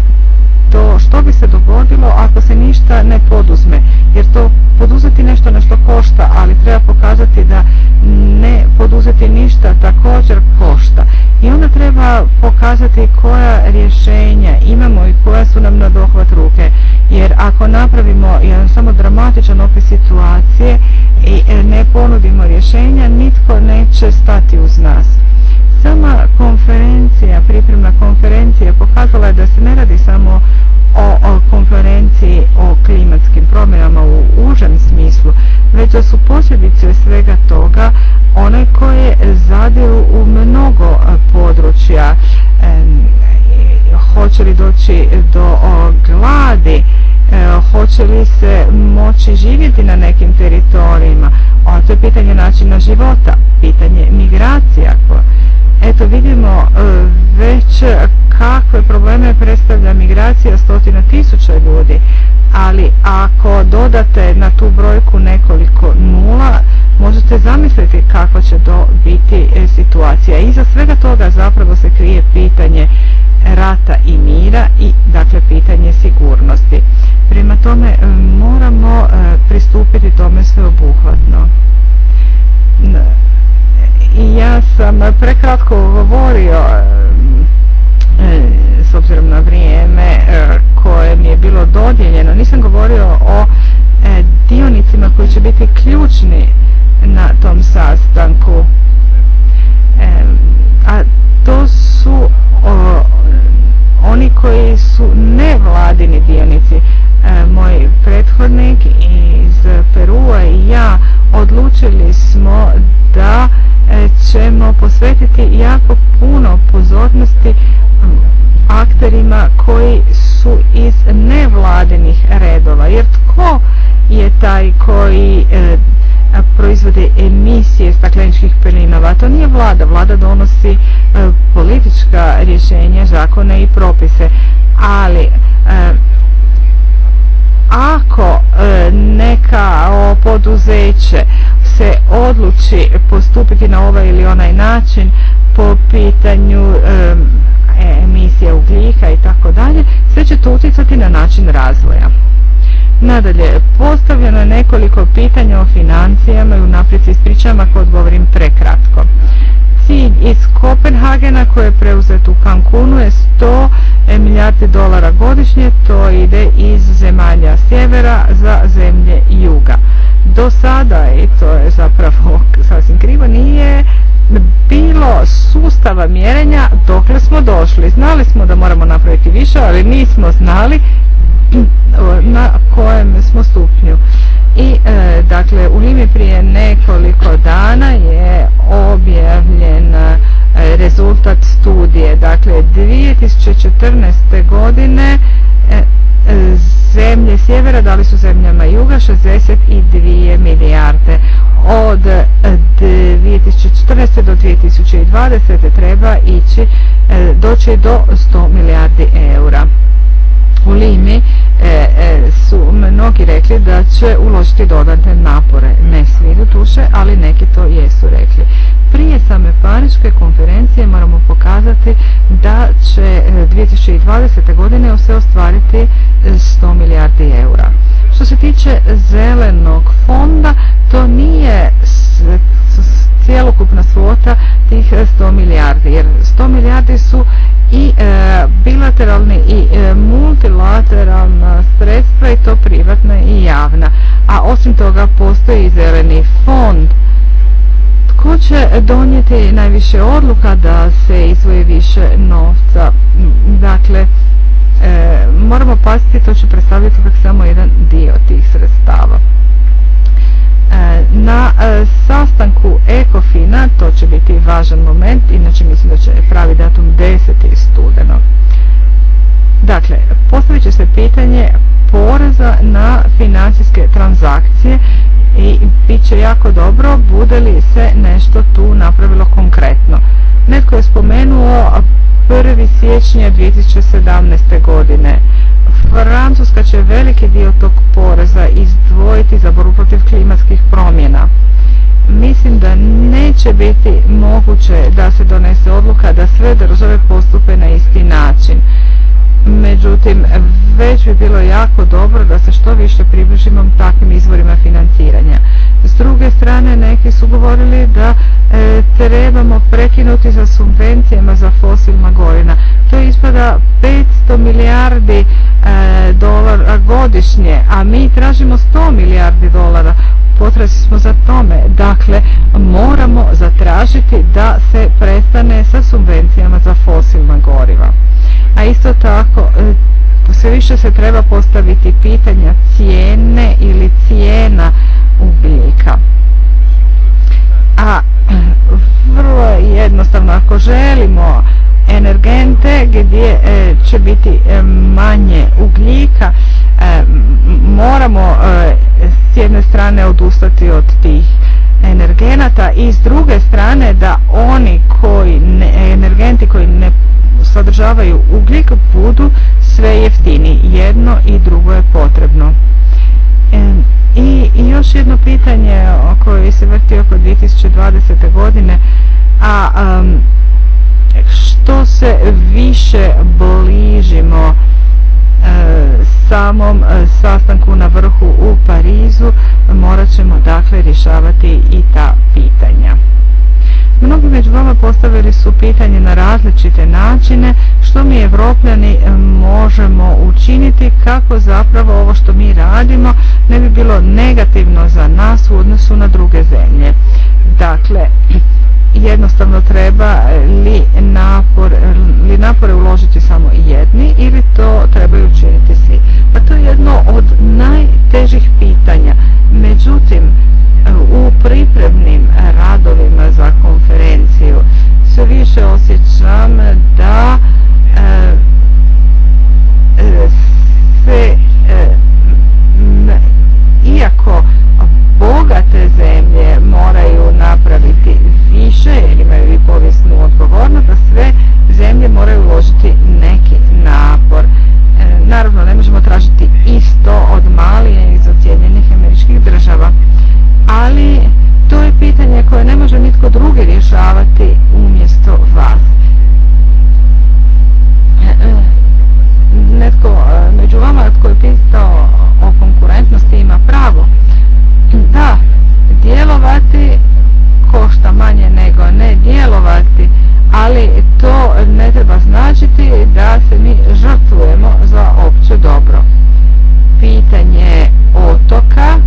to što bi se dogodilo ako se ništa ne poduzme. Jer to poduzeti nešto na što košta, ali treba pokazati da ne poduzeti ništa također košta. I onda treba pokazati koja rješenja imamo i koja su nam na dohvat ruke. Jer ako napravimo jedan samo dramatičan opis situacije i ne ponudimo rješenja, nitko neće stati uz nas. Sama konferencija, pripremna konferencija pokazala je da se ne radi samo o, konferenciji o klimatskim promjenama u užem smislu, već da su posljedice svega toga one koje zadiru u mnogo područja. hoće li doći do gladi, e, hoće li se moći živjeti na nekim teritorijima, a to je pitanje načina života, pitanje migracija, Eto vidimo e, već kakve probleme predstavlja migracija stotina tisuća ljudi, ali ako dodate na tu brojku nekoliko nula, možete zamisliti kakva će to biti e, situacija. za svega toga zapravo se krije pitanje rata i mira i dakle pitanje sigurnosti. Prema tome e, moramo pristupiti tome sveobuhvatno ja sam prekratko govorio e, s obzirom na vrijeme e, koje mi je bilo dodijeljeno. Nisam govorio o e, dionicima koji će biti ključni na tom sastanku. A to su oni koji su nevladini dionici. E, moj prethodnik iz Perua i ja odlučili smo da e, ćemo posvetiti jako puno pozornosti akterima koji su iz nevladinih redova. Jer tko je taj koji e, proizvode emisije stakleničkih plinova. To nije vlada. Vlada donosi e, politička rješenja, zakone i propise. Ali e, ako e, neka poduzeće se odluči postupiti na ovaj ili onaj način po pitanju emisije ugljika i tako dalje, sve će to utjecati na način razvoja. Nadalje, postavljeno je nekoliko pitanja o financijama i unaprijed se ispričavam ako odgovorim prekratko. Cilj iz Kopenhagena koji je preuzet u Kankunu je 100 milijardi dolara godišnje, to ide iz zemalja sjevera za zemlje juga. Do sada, i to je zapravo sasvim krivo, nije bilo sustava mjerenja dokle smo došli. Znali smo da moramo napraviti više, ali nismo znali na kojem smo stupnju. I e, dakle u Limi prije nekoliko dana je objavljen e, rezultat studije. Dakle 2014. godine e, zemlje sjevera dali su zemljama juga 62 milijarde. Od 2014. do 2020. treba ići, doći do 100 milijardi eura u Limi e, e, su mnogi rekli da će uložiti dodatne napore. Ne svi do ali neki to jesu rekli. Prije same Pariške konferencije moramo pokazati da će 2020. E, godine se ostvariti 100 milijardi eura. Što se tiče zelenog fonda, to nije cjelokupna svota tih 100 milijardi, jer 100 milijardi su i e, bilateralni i e, multilateralna sredstva i to privatna i javna. A osim toga postoji zeleni fond tko će donijeti najviše odluka da se izvoji više novca. Dakle, e, moramo paziti, to će predstavljati samo jedan dio tih sredstava. E, na e, sastanku Ekofina, to će biti važan moment, inače mislim da će pravi datum 10. studeno. Dakle, postavit će se pitanje poreza na financijske transakcije i bit će jako dobro bude li se nešto tu napravilo konkretno. Netko je spomenuo 1. siječnja 2017. godine. Francuska će veliki dio tog poreza izdvojiti za borbu protiv klimatskih promjena. Mislim da neće biti moguće da se donese odluka da sve države postupe na isti način. Međutim, već bi bilo jako dobro da se što više približimo takvim izvorima financiranja. S druge strane, neki su govorili da e, trebamo prekinuti sa subvencijama za fosilna gorina. To ispada 500 milijardi e, dolara godišnje, a mi tražimo 100 milijardi dolara potrazi smo za tome. Dakle, moramo zatražiti da se prestane sa subvencijama za fosilna goriva. A isto tako, e, sve više se treba postaviti pitanja cijene ili cijena ugljika. A vrlo jednostavno, ako želimo energente gdje e, će biti e, manje ugljika, moramo s jedne strane odustati od tih energenata i s druge strane da oni koji ne, energenti koji ne sadržavaju ugljik budu sve jeftini. Jedno i drugo je potrebno. I, još jedno pitanje o koje se vrti oko 2020. godine, a što se više bližimo E, samom e, sastanku na vrhu u Parizu morat ćemo dakle rješavati i ta pitanja. Mnogi među vama postavili su pitanje na različite načine što mi evropljani e, možemo učiniti kako zapravo ovo što mi radimo ne bi bilo negativno za nas u odnosu na druge zemlje. Dakle, jednostavno treba li, li napore uložiti samo jedni ili to trebaju učiniti svi. Pa to je jedno od najtežih pitanja. Međutim, u pripremnim radovima za konferenciju sve više osjećam da se e, e, iako bogate zemlje moraju napraviti više jer imaju i povijesnu odgovornost, da sve zemlje moraju uložiti neki napor. E, naravno, ne možemo tražiti isto od malije i ocijenjenih američkih država, ali to je pitanje koje ne može nitko drugi rješavati umjesto vas. E, e, netko među vama tko je pitao o konkurentnosti ima pravo, da, djelovati košta manje nego ne djelovati, ali to ne treba značiti da se mi žrtvujemo za opće dobro. Pitanje otoka,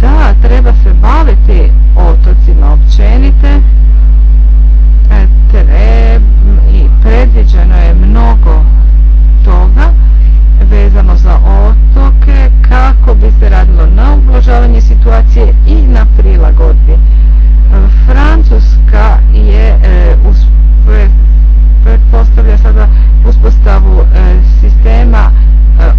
da, treba se baviti otocima općenite, e, i predviđeno je mnogo toga vezano za otoke kako bi se radilo na ublažavanje situacije i na prilagodbi. Francuska je e, pretpostavlja sada uspostavu e, sistema e,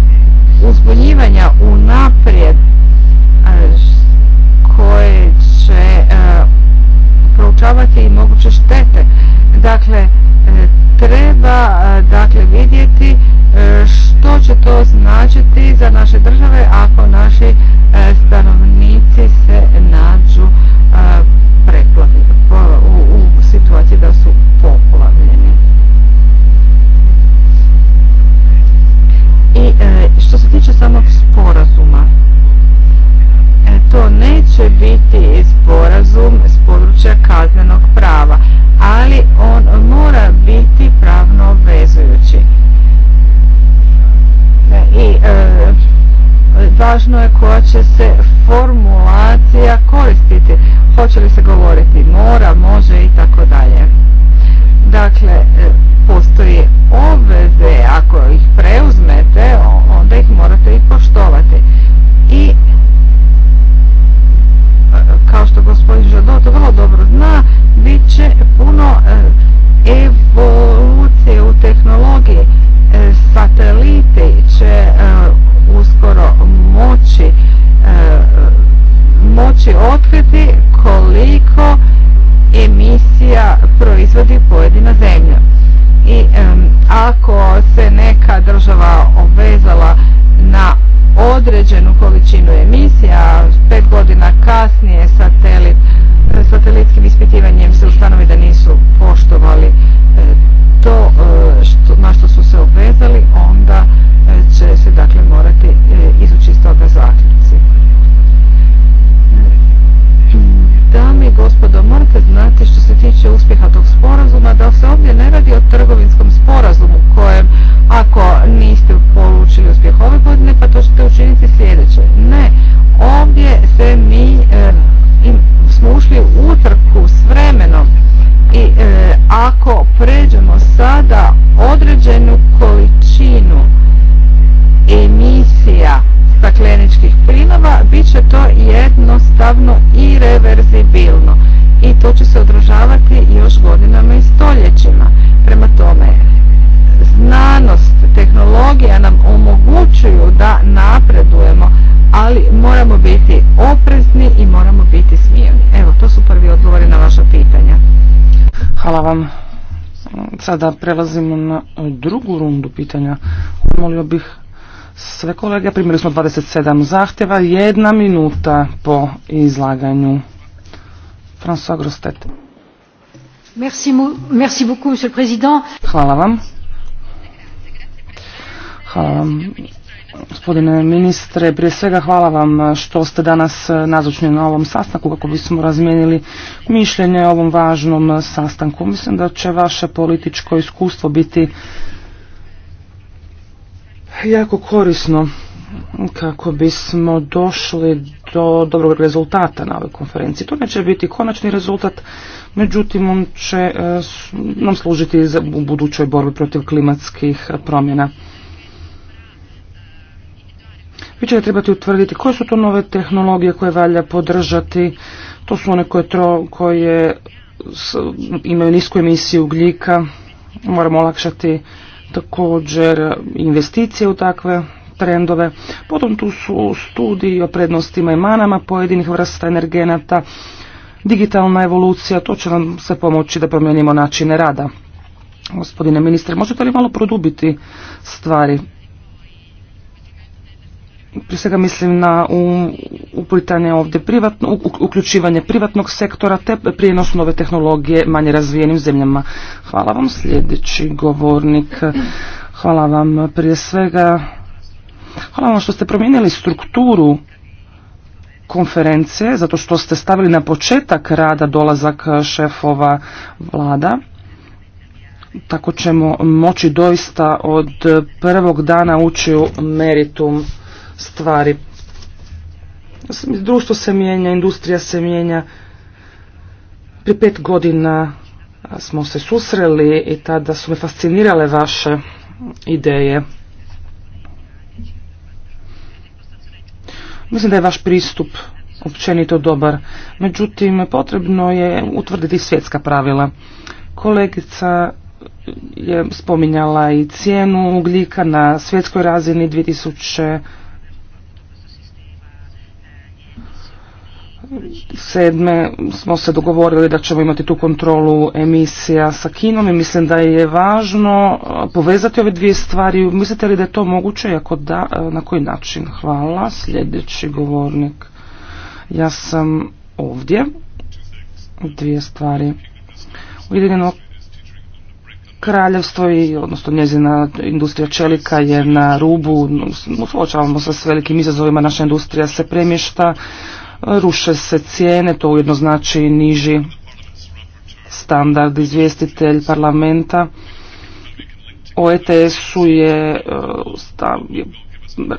će se formulacija koristiti? Hoće li se govoriti mora, može i tako dalje? Dakle, e, postoji sada prelazimo na drugu rundu pitanja. Molio bih sve kolege, primili smo 27 zahtjeva, jedna minuta po izlaganju. François Grostet. Merci, beaucoup, monsieur le président. Hvala vam. Hvala vam. Gospodine ministre, prije svega hvala vam eh, što ste danas eh, nazočni na ovom sastanku kako bismo razmijenili mišljenje o ovom važnom eh, sastanku. Mislim da će vaše političko iskustvo biti jako korisno kako bismo došli do dobrog rezultata na ovoj konferenciji. To neće biti konačni rezultat, međutim on će nam služiti u budućoj borbi protiv klimatskih promjena. Vi ćete trebati utvrditi koje su to nove tehnologije koje valja podržati. To su one koje, tro, koje imaju nisku emisiju ugljika. Moramo olakšati također investicije u takve trendove. Potom tu su studiji o prednostima i manama pojedinih vrsta energenata, digitalna evolucija, to će nam se pomoći da promijenimo načine rada. Gospodine ministre, možete li malo produbiti stvari? prije svega mislim na um, uplitanje ovdje privatno, uključivanje privatnog sektora te prijenos nove tehnologije manje razvijenim zemljama. Hvala vam sljedeći govornik. Hvala vam prije svega. Hvala vam što ste promijenili strukturu konferencije, zato što ste stavili na početak rada dolazak šefova vlada. Tako ćemo moći doista od prvog dana ući u meritum stvari. Društvo se mijenja, industrija se mijenja. Pri pet godina smo se susreli i tada su me fascinirale vaše ideje. Mislim da je vaš pristup općenito dobar. Međutim, potrebno je utvrditi svjetska pravila. Kolegica je spominjala i cijenu ugljika na svjetskoj razini 2000 sedme smo se dogovorili da ćemo imati tu kontrolu emisija sa Kinom i mislim da je važno povezati ove dvije stvari. Mislite li da je to moguće? Ako da, na koji način? Hvala. Sljedeći govornik. Ja sam ovdje. Dvije stvari. Ujedinjeno kraljevstvo i odnosno njezina industrija čelika je na rubu, suočavamo se s velikim izazovima, naša industrija se premješta ruše se cijene, to ujedno znači niži standard izvjestitelj parlamenta. O ETS-u je, e, je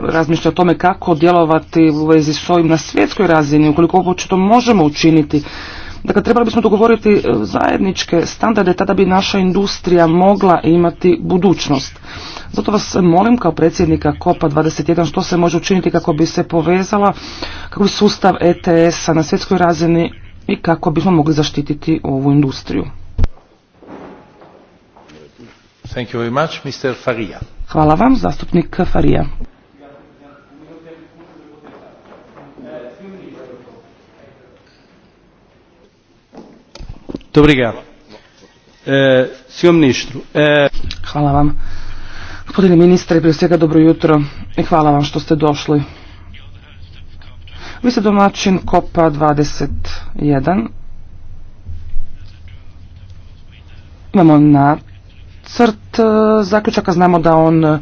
razmišlja o tome kako djelovati u vezi s ovim na svjetskoj razini, ukoliko uopće to možemo učiniti Dakle, trebali bismo dogovoriti e, zajedničke standarde, tada bi naša industrija mogla imati budućnost. Zato vas molim kao predsjednika COPA 21 što se može učiniti kako bi se povezala kako bi sustav ETS-a na svjetskoj razini i kako bismo mogli zaštititi ovu industriju. Hvala vam, zastupnik Farija. E, e, hvala vam. Gospodine ministre, prije svega dobro jutro i hvala vam što ste došli. Vi ste domaćin Kopa 21. Imamo na crt e, zaključaka, znamo da on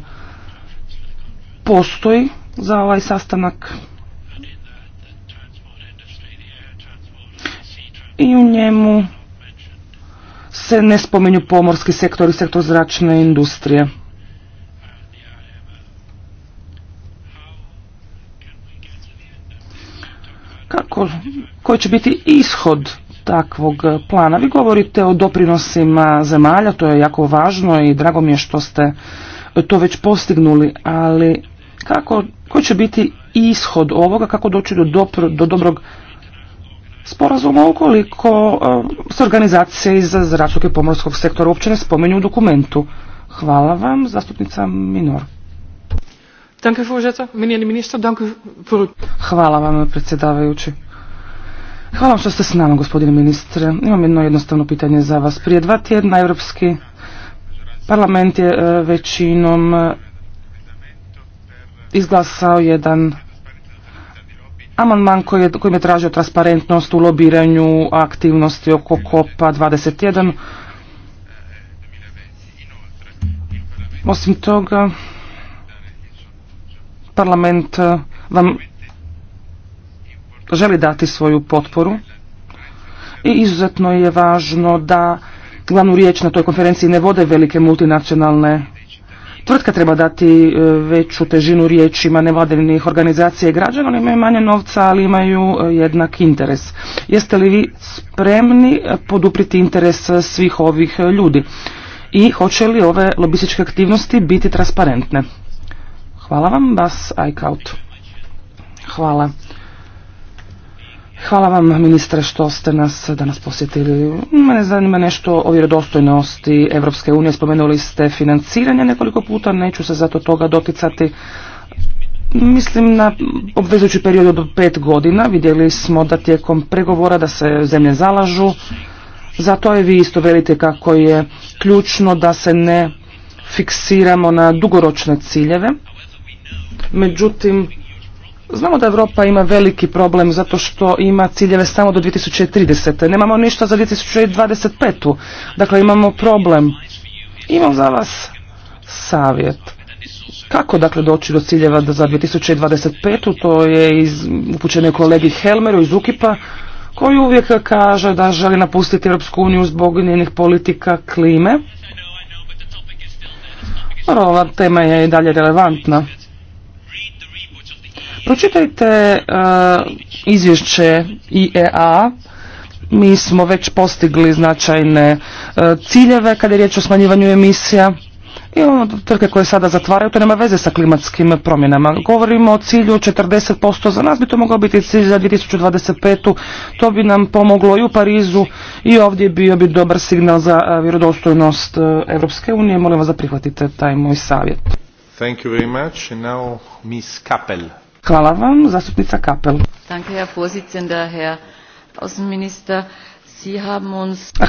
postoji za ovaj sastanak. I u njemu se ne spominju pomorski sektor i sektor zračne industrije. Kako, koji će biti ishod takvog plana? Vi govorite o doprinosima zemalja, to je jako važno i drago mi je što ste to već postignuli, ali kako, koji će biti ishod ovoga, kako doći do, do dobrog sporazuma ukoliko eh, se organizacije iz zračnog i pomorskog sektora uopće ne spomenju u dokumentu. Hvala vam, zastupnica Minor. Dank u voorzitter. Hvala vam, predsjedavajući. Hvala vam što ste s nama, gospodine ministre. Imam jedno jednostavno pitanje za vas. Prije dva tjedna Europski parlament je eh, većinom eh, izglasao jedan Amandman koji kojim je tražio transparentnost u lobiranju aktivnosti oko kopa 21. Osim toga, parlament eh, vam želi dati svoju potporu i izuzetno je važno da glavnu riječ na toj konferenciji ne vode velike multinacionalne tvrtka treba dati e, veću težinu riječima nevladinih organizacija i građana, oni imaju manje novca, ali imaju e, jednak interes. Jeste li vi spremni e, podupriti interes svih ovih ljudi? I hoće li ove lobističke aktivnosti biti transparentne? Hvala vam, Bas Eichaut. Hvala. Hvala vam ministre što ste nas danas posjetili. Mene zanima nešto o vjerodostojnosti Europske unije. Spomenuli ste financiranje nekoliko puta, neću se zato toga doticati. Mislim na obvezujući period od pet godina. Vidjeli smo da tijekom pregovora da se zemlje zalažu. Zato je vi isto velite kako je ključno da se ne fiksiramo na dugoročne ciljeve. Međutim, Znamo da Europa ima veliki problem zato što ima ciljeve samo do 2030. Nemamo ništa za 2025. Dakle, imamo problem. Imam za vas savjet. Kako dakle doći do ciljeva za 2025. To je iz, upućeno kolegi Helmeru iz Ukipa koji uvijek kaže da želi napustiti Europsku uniju zbog njenih politika klime. Ova tema je i dalje relevantna. Pročitajte uh, izvješće IEA. Mi smo već postigli značajne e, ciljeve kada je riječ o smanjivanju emisija. I ono, trke koje sada zatvaraju, to nema veze sa klimatskim promjenama. Govorimo o cilju 40%, za nas bi to mogao biti cilj za 2025. To bi nam pomoglo i u Parizu i ovdje bio bi dobar signal za e, vjerodostojnost Europske unije. Molim vas da prihvatite taj moj savjet. Thank you very much. And now, Miss Kappel. Hvala vam, zastupnica Kapel. Danke, Herr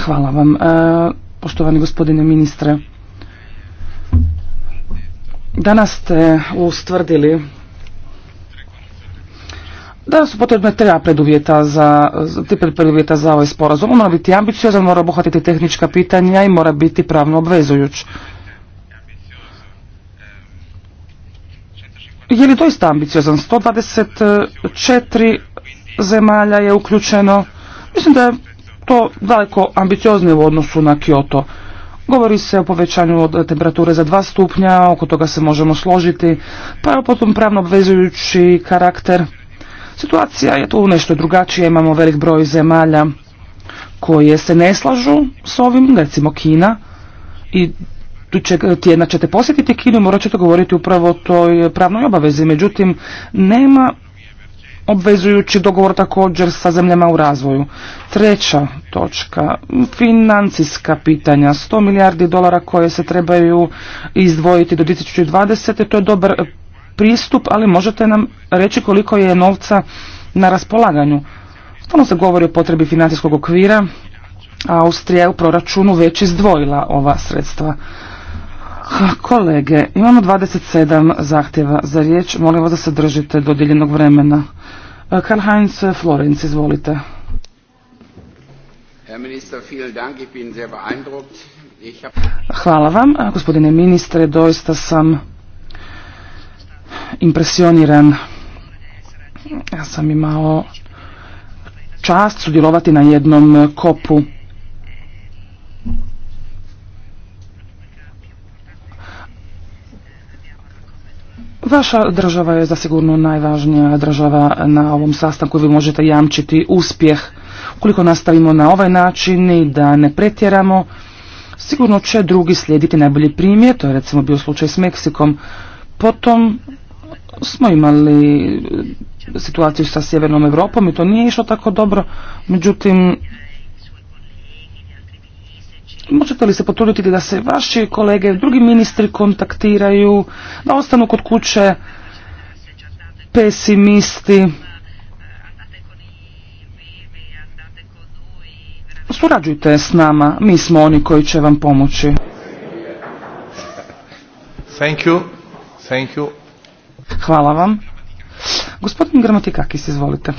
Hvala vam, e, poštovani gospodine ministre. Danas ste ustvrdili da su potrebne tri preduvjeta za, ti preduvjeta za ovaj sporazum. mora biti ambiciozan, mora obuhvatiti tehnička pitanja i mora biti pravno obvezujuć. Je li doista ambiciozan? 124 zemalja je uključeno. Mislim da je to daleko ambicioznije u odnosu na Kyoto. Govori se o povećanju od temperature za dva stupnja, oko toga se možemo složiti, pa potom pravno obvezujući karakter. Situacija je tu nešto drugačija, imamo velik broj zemalja koje se ne slažu s ovim, recimo Kina, i tu će, tjedna ćete posjetiti Kinu, morat ćete govoriti upravo o toj pravnoj obavezi. Međutim, nema obvezujući dogovor također sa zemljama u razvoju. Treća točka, financijska pitanja, 100 milijardi dolara koje se trebaju izdvojiti do 2020. To je dobar pristup, ali možete nam reći koliko je novca na raspolaganju. Stvarno se govori o potrebi financijskog okvira, a Austrija je u proračunu već izdvojila ova sredstva. Kolege, imamo 27 zahtjeva za riječ. Molim vas da se držite dodijeljenog vremena. E, Karl-Heinz Florenc, izvolite. Hvala vam, e, gospodine ministre, doista sam impresioniran. Ja sam imao čast sudjelovati na jednom kopu Vaša država je zasigurno najvažnija država na ovom sastanku vi možete jamčiti uspjeh. Ukoliko nastavimo na ovaj način i da ne pretjeramo, sigurno će drugi slijediti najbolji primjer, to je recimo bio slučaj s Meksikom. Potom smo imali situaciju sa Sjevernom Europom i to nije išlo tako dobro, međutim Možete li se potruditi da se vaši kolege, drugi ministri kontaktiraju, da ostanu kod kuće pesimisti? Surađujte s nama, mi smo oni koji će vam pomoći. Thank you. Thank you. Hvala vam. Gospodin Gramatikakis, izvolite.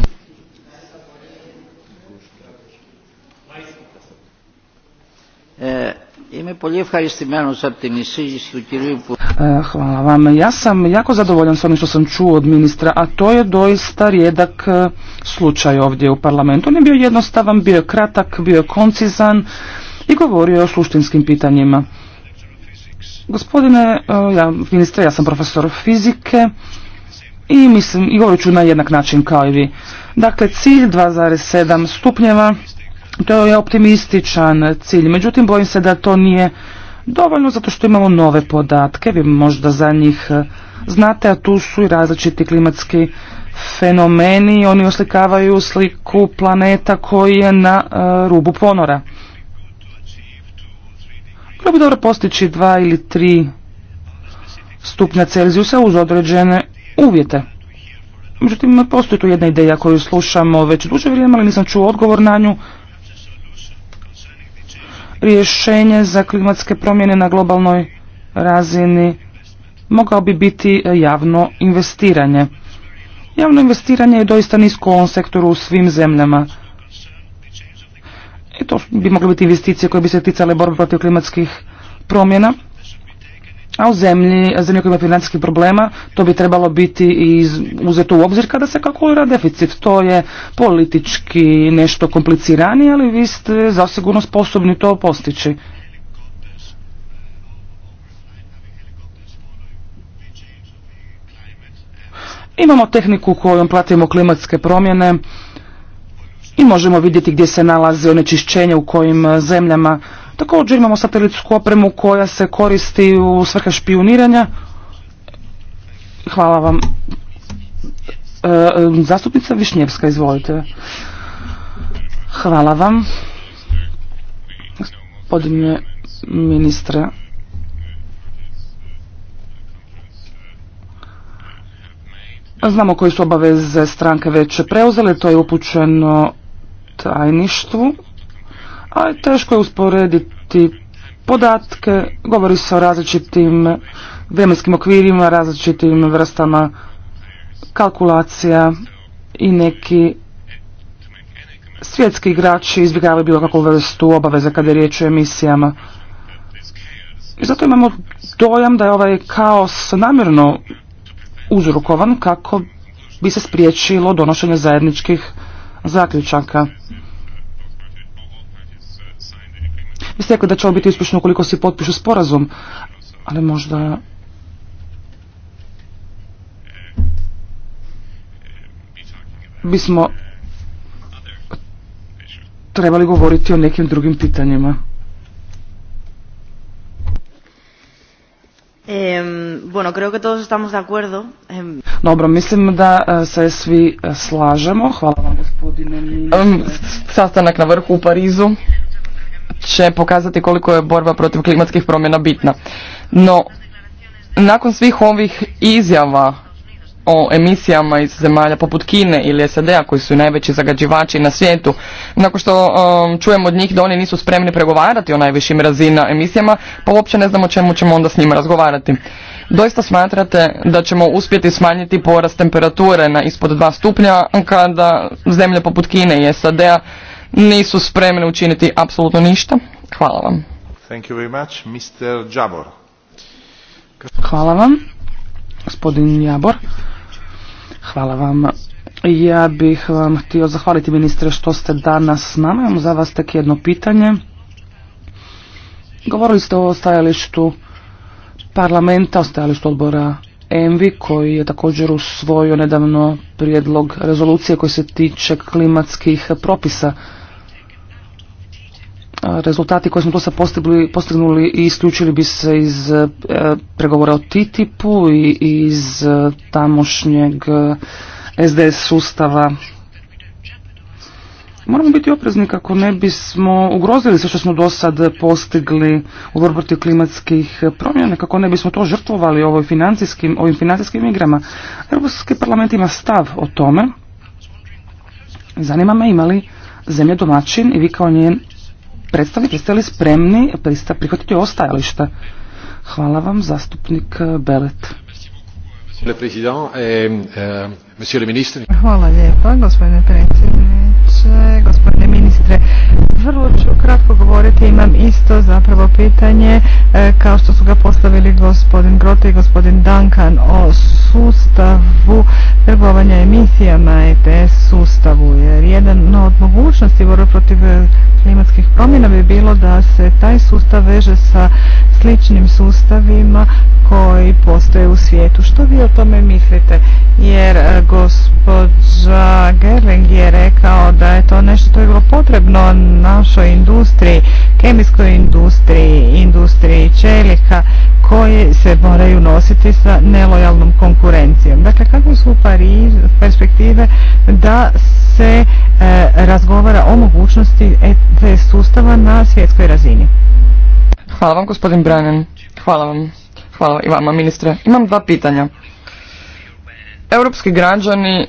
Hvala vam. Ja sam jako zadovoljan s onim što sam čuo od ministra, a to je doista rijedak e, slučaj ovdje u parlamentu. On je bio jednostavan, bio je kratak, bio je koncizan i govorio o suštinskim pitanjima. Gospodine e, ja, ministre, ja sam profesor fizike i mislim, i govorit ću na jednak način kao i vi. Dakle, cilj 2,7 stupnjeva to je optimističan cilj, međutim bojim se da to nije dovoljno zato što imamo nove podatke, vi možda za njih e, znate, a tu su i različiti klimatski fenomeni, oni oslikavaju sliku planeta koji je na e, rubu ponora. Bilo bi dobro postići dva ili tri stupnja Celzijusa uz određene uvjete. Međutim, postoji tu jedna ideja koju slušamo već duže vrijeme, ali nisam čuo odgovor na nju rješenje za klimatske promjene na globalnoj razini mogao bi biti e, javno investiranje. Javno investiranje je doista nisko u ovom sektoru u svim zemljama. I to bi mogli biti investicije koje bi se ticale borbe protiv klimatskih promjena, a u zemlji, zemlji koja ima financijskih problema, to bi trebalo biti i uzeto u obzir kada se kalkulira deficit. To je politički nešto kompliciranije, ali vi ste zasigurno sposobni to postići. Imamo tehniku kojom platimo klimatske promjene i možemo vidjeti gdje se nalaze onečišćenje u kojim eh, zemljama Također imamo satelitsku opremu koja se koristi u svrhe špioniranja. Hvala vam. E, e, zastupnica Višnjevska, izvolite. Hvala vam. Gospodine ministre. Znamo koje su obaveze stranke već preuzele, to je upućeno tajništvu a teško je usporediti podatke, govori se o različitim vremenskim okvirima, različitim vrstama kalkulacija i neki svjetski igrači izbjegavaju bilo kakvu vrstu obaveze kada je riječ o emisijama. I zato imamo dojam da je ovaj kaos namjerno uzrokovan kako bi se spriječilo donošenje zajedničkih zaključaka. Vi ste rekli da će ovo biti uspješno ukoliko se potpišu sporazum, ali možda... bismo trebali govoriti o nekim drugim pitanjima. Bueno, creo que todos estamos de acuerdo. Dobro, mislim da e, se svi e, slažemo. Hvala vam gospodine. Sastanak na vrhu u Parizu će pokazati koliko je borba protiv klimatskih promjena bitna. No, nakon svih ovih izjava o emisijama iz zemalja poput Kine ili SAD-a koji su najveći zagađivači na svijetu. Nakon što um, čujemo od njih da oni nisu spremni pregovarati o najvišim razina emisijama, pa uopće ne znamo čemu ćemo onda s njima razgovarati. Doista smatrate da ćemo uspjeti smanjiti porast temperature na ispod 2 stupnja kada zemlje poput Kine i SAD-a nisu spremne učiniti apsolutno ništa. Hvala vam. Thank you very much, Mr. Hvala vam, gospodin Jabor. Hvala vam. Ja bih vam htio zahvaliti ministre što ste danas s nama. Imamo za vas tek jedno pitanje. Govorili ste o stajalištu parlamenta, o stajalištu odbora ENVI koji je također usvojio nedavno prijedlog rezolucije koji se tiče klimatskih propisa rezultati koje smo do sada postignuli i isključili bi se iz e, pregovora o TTIP-u i iz e, tamošnjeg SDS e, sustava. Moramo biti oprezni kako ne bismo ugrozili sve što smo do sad postigli u borbi protiv klimatskih promjena, kako ne bismo to žrtvovali ovim financijskim, ovim financijskim igrama. Europski parlament ima stav o tome. Zanima me imali zemlje domaćin i vi kao njen predstavnik, jeste li spremni prihvatiti ovo stajalište? Hvala vam, zastupnik eh, Belet. Eh, eh, Hvala lijepa, gospodine predsjedniče, gospodine ministre. Vrlo ću kratko govoriti, imam isto zapravo pitanje e, kao što su ga postavili gospodin Grote i gospodin Duncan o sustavu trgovanja emisijama te sustavu. Jer jedan od mogućnosti borbe protiv e, klimatskih promjena bi bilo da se taj sustav veže sa sličnim sustavima koji postoje u svijetu. Što vi o tome mislite? Jer e, gospođa Gerling je rekao da je to nešto je bilo potrebno na našoj industriji, kemijskoj industriji, industriji čelika koji se moraju nositi sa nelojalnom konkurencijom. Dakle, kakve su Pariz, perspektive da se e, razgovara o mogućnosti te sustava na svjetskoj razini? Hvala vam, gospodin Hvala vam. Hvala i vama, ministre. Imam dva pitanja. Europski građani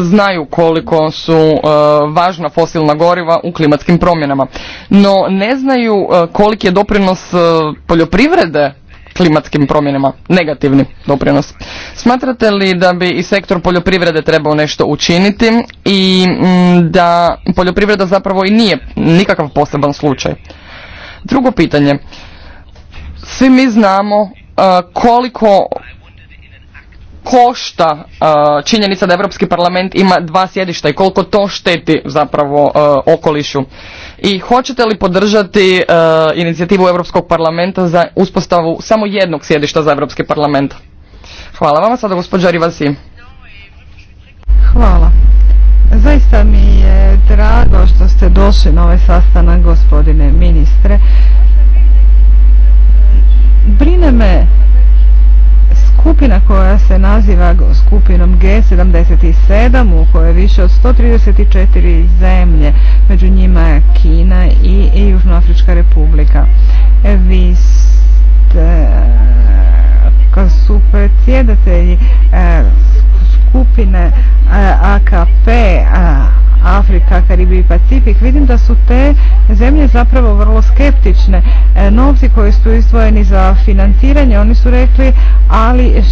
znaju koliko su e, važna fosilna goriva u klimatskim promjenama. No ne znaju e, koliki je doprinos e, poljoprivrede klimatskim promjenama, negativni doprinos. Smatrate li da bi i sektor poljoprivrede trebao nešto učiniti i mm, da poljoprivreda zapravo i nije nikakav poseban slučaj? Drugo pitanje. Svi mi znamo koliko košta uh, činjenica da Europski parlament ima dva sjedišta i koliko to šteti zapravo uh, okolišu. I hoćete li podržati uh, inicijativu Europskog parlamenta za uspostavu samo jednog sjedišta za Europski parlament? Hvala vama sada gospođa Rivasi. Hvala. Zaista mi je drago što ste došli na ovaj sastanak, gospodine ministre. Brine me skupina koja se naziva skupinom G77 u kojoj je više od 134 zemlje, među njima je Kina i, Južnoafrička republika. E, vi ste su predsjedatelji e, skupine e, AKP Afrika, Karibi i Pacifik, vidim da su te zemlje zapravo vrlo skeptične. E, novci koji su izdvojeni za financiranje, oni su rekli, ali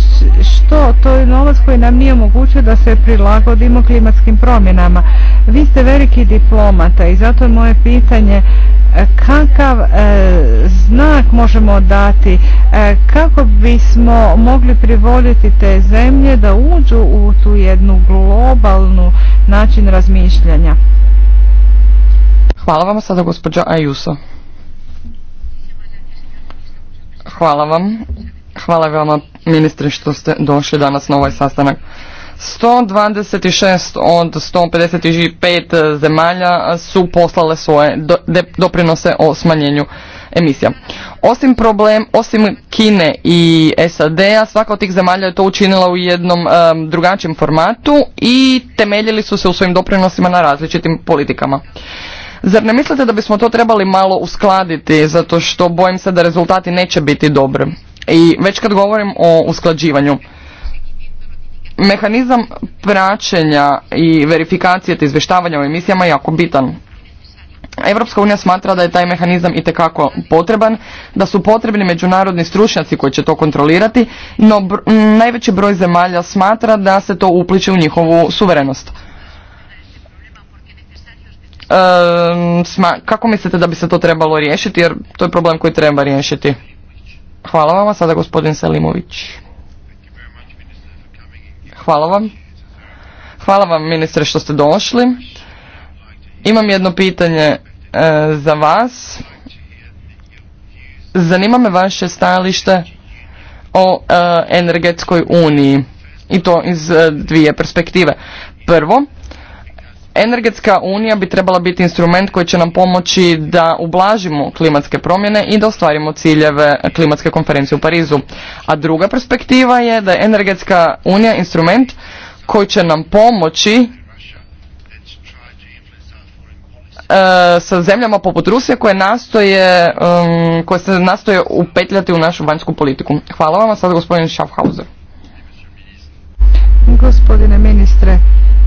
što, to je novac koji nam nije omogućio da se prilagodimo klimatskim promjenama. Vi ste veliki diplomata i zato je moje pitanje e, kakav e, znak možemo dati kako bismo mogli privoljeti te zemlje da uđu u tu jednu globalnu način razmišljanja mišljenja. Hvala vam sada gospođa Ajuso. Hvala vam. Hvala vama ministri što ste došli danas na ovaj sastanak. 126 od 155 zemalja su poslale svoje doprinose o smanjenju emisija. Osim problem, osim Kine i SAD-a, svaka od tih zemalja je to učinila u jednom drugačijem formatu i temeljili su se u svojim doprinosima na različitim politikama. Zar ne mislite da bismo to trebali malo uskladiti, zato što bojim se da rezultati neće biti dobri? I već kad govorim o usklađivanju, mehanizam praćenja i verifikacije te izvještavanja o emisijama je jako bitan. Europska unija smatra da je taj mehanizam itekako potreban, da su potrebni međunarodni stručnjaci koji će to kontrolirati, no najveći broj zemalja smatra da se to upliče u njihovu suverenost. kako mislite da bi se to trebalo riješiti, jer to je problem koji treba riješiti? Hvala vam, sada gospodin Selimović. Hvala vam. Hvala vam ministre što ste došli. Imam jedno pitanje e, za vas. Zanima me vaše stajalište o e, energetskoj uniji i to iz e, dvije perspektive. Prvo, energetska unija bi trebala biti instrument koji će nam pomoći da ublažimo klimatske promjene i da ostvarimo ciljeve klimatske konferencije u Parizu. A druga perspektiva je da je energetska unija instrument koji će nam pomoći E, sa zemljama poput Rusije koje nastoje, um, koje se nastoje upetljati u našu vanjsku politiku. Hvala vam, a sad gospodin Schaffhauser. Gospodine ministre,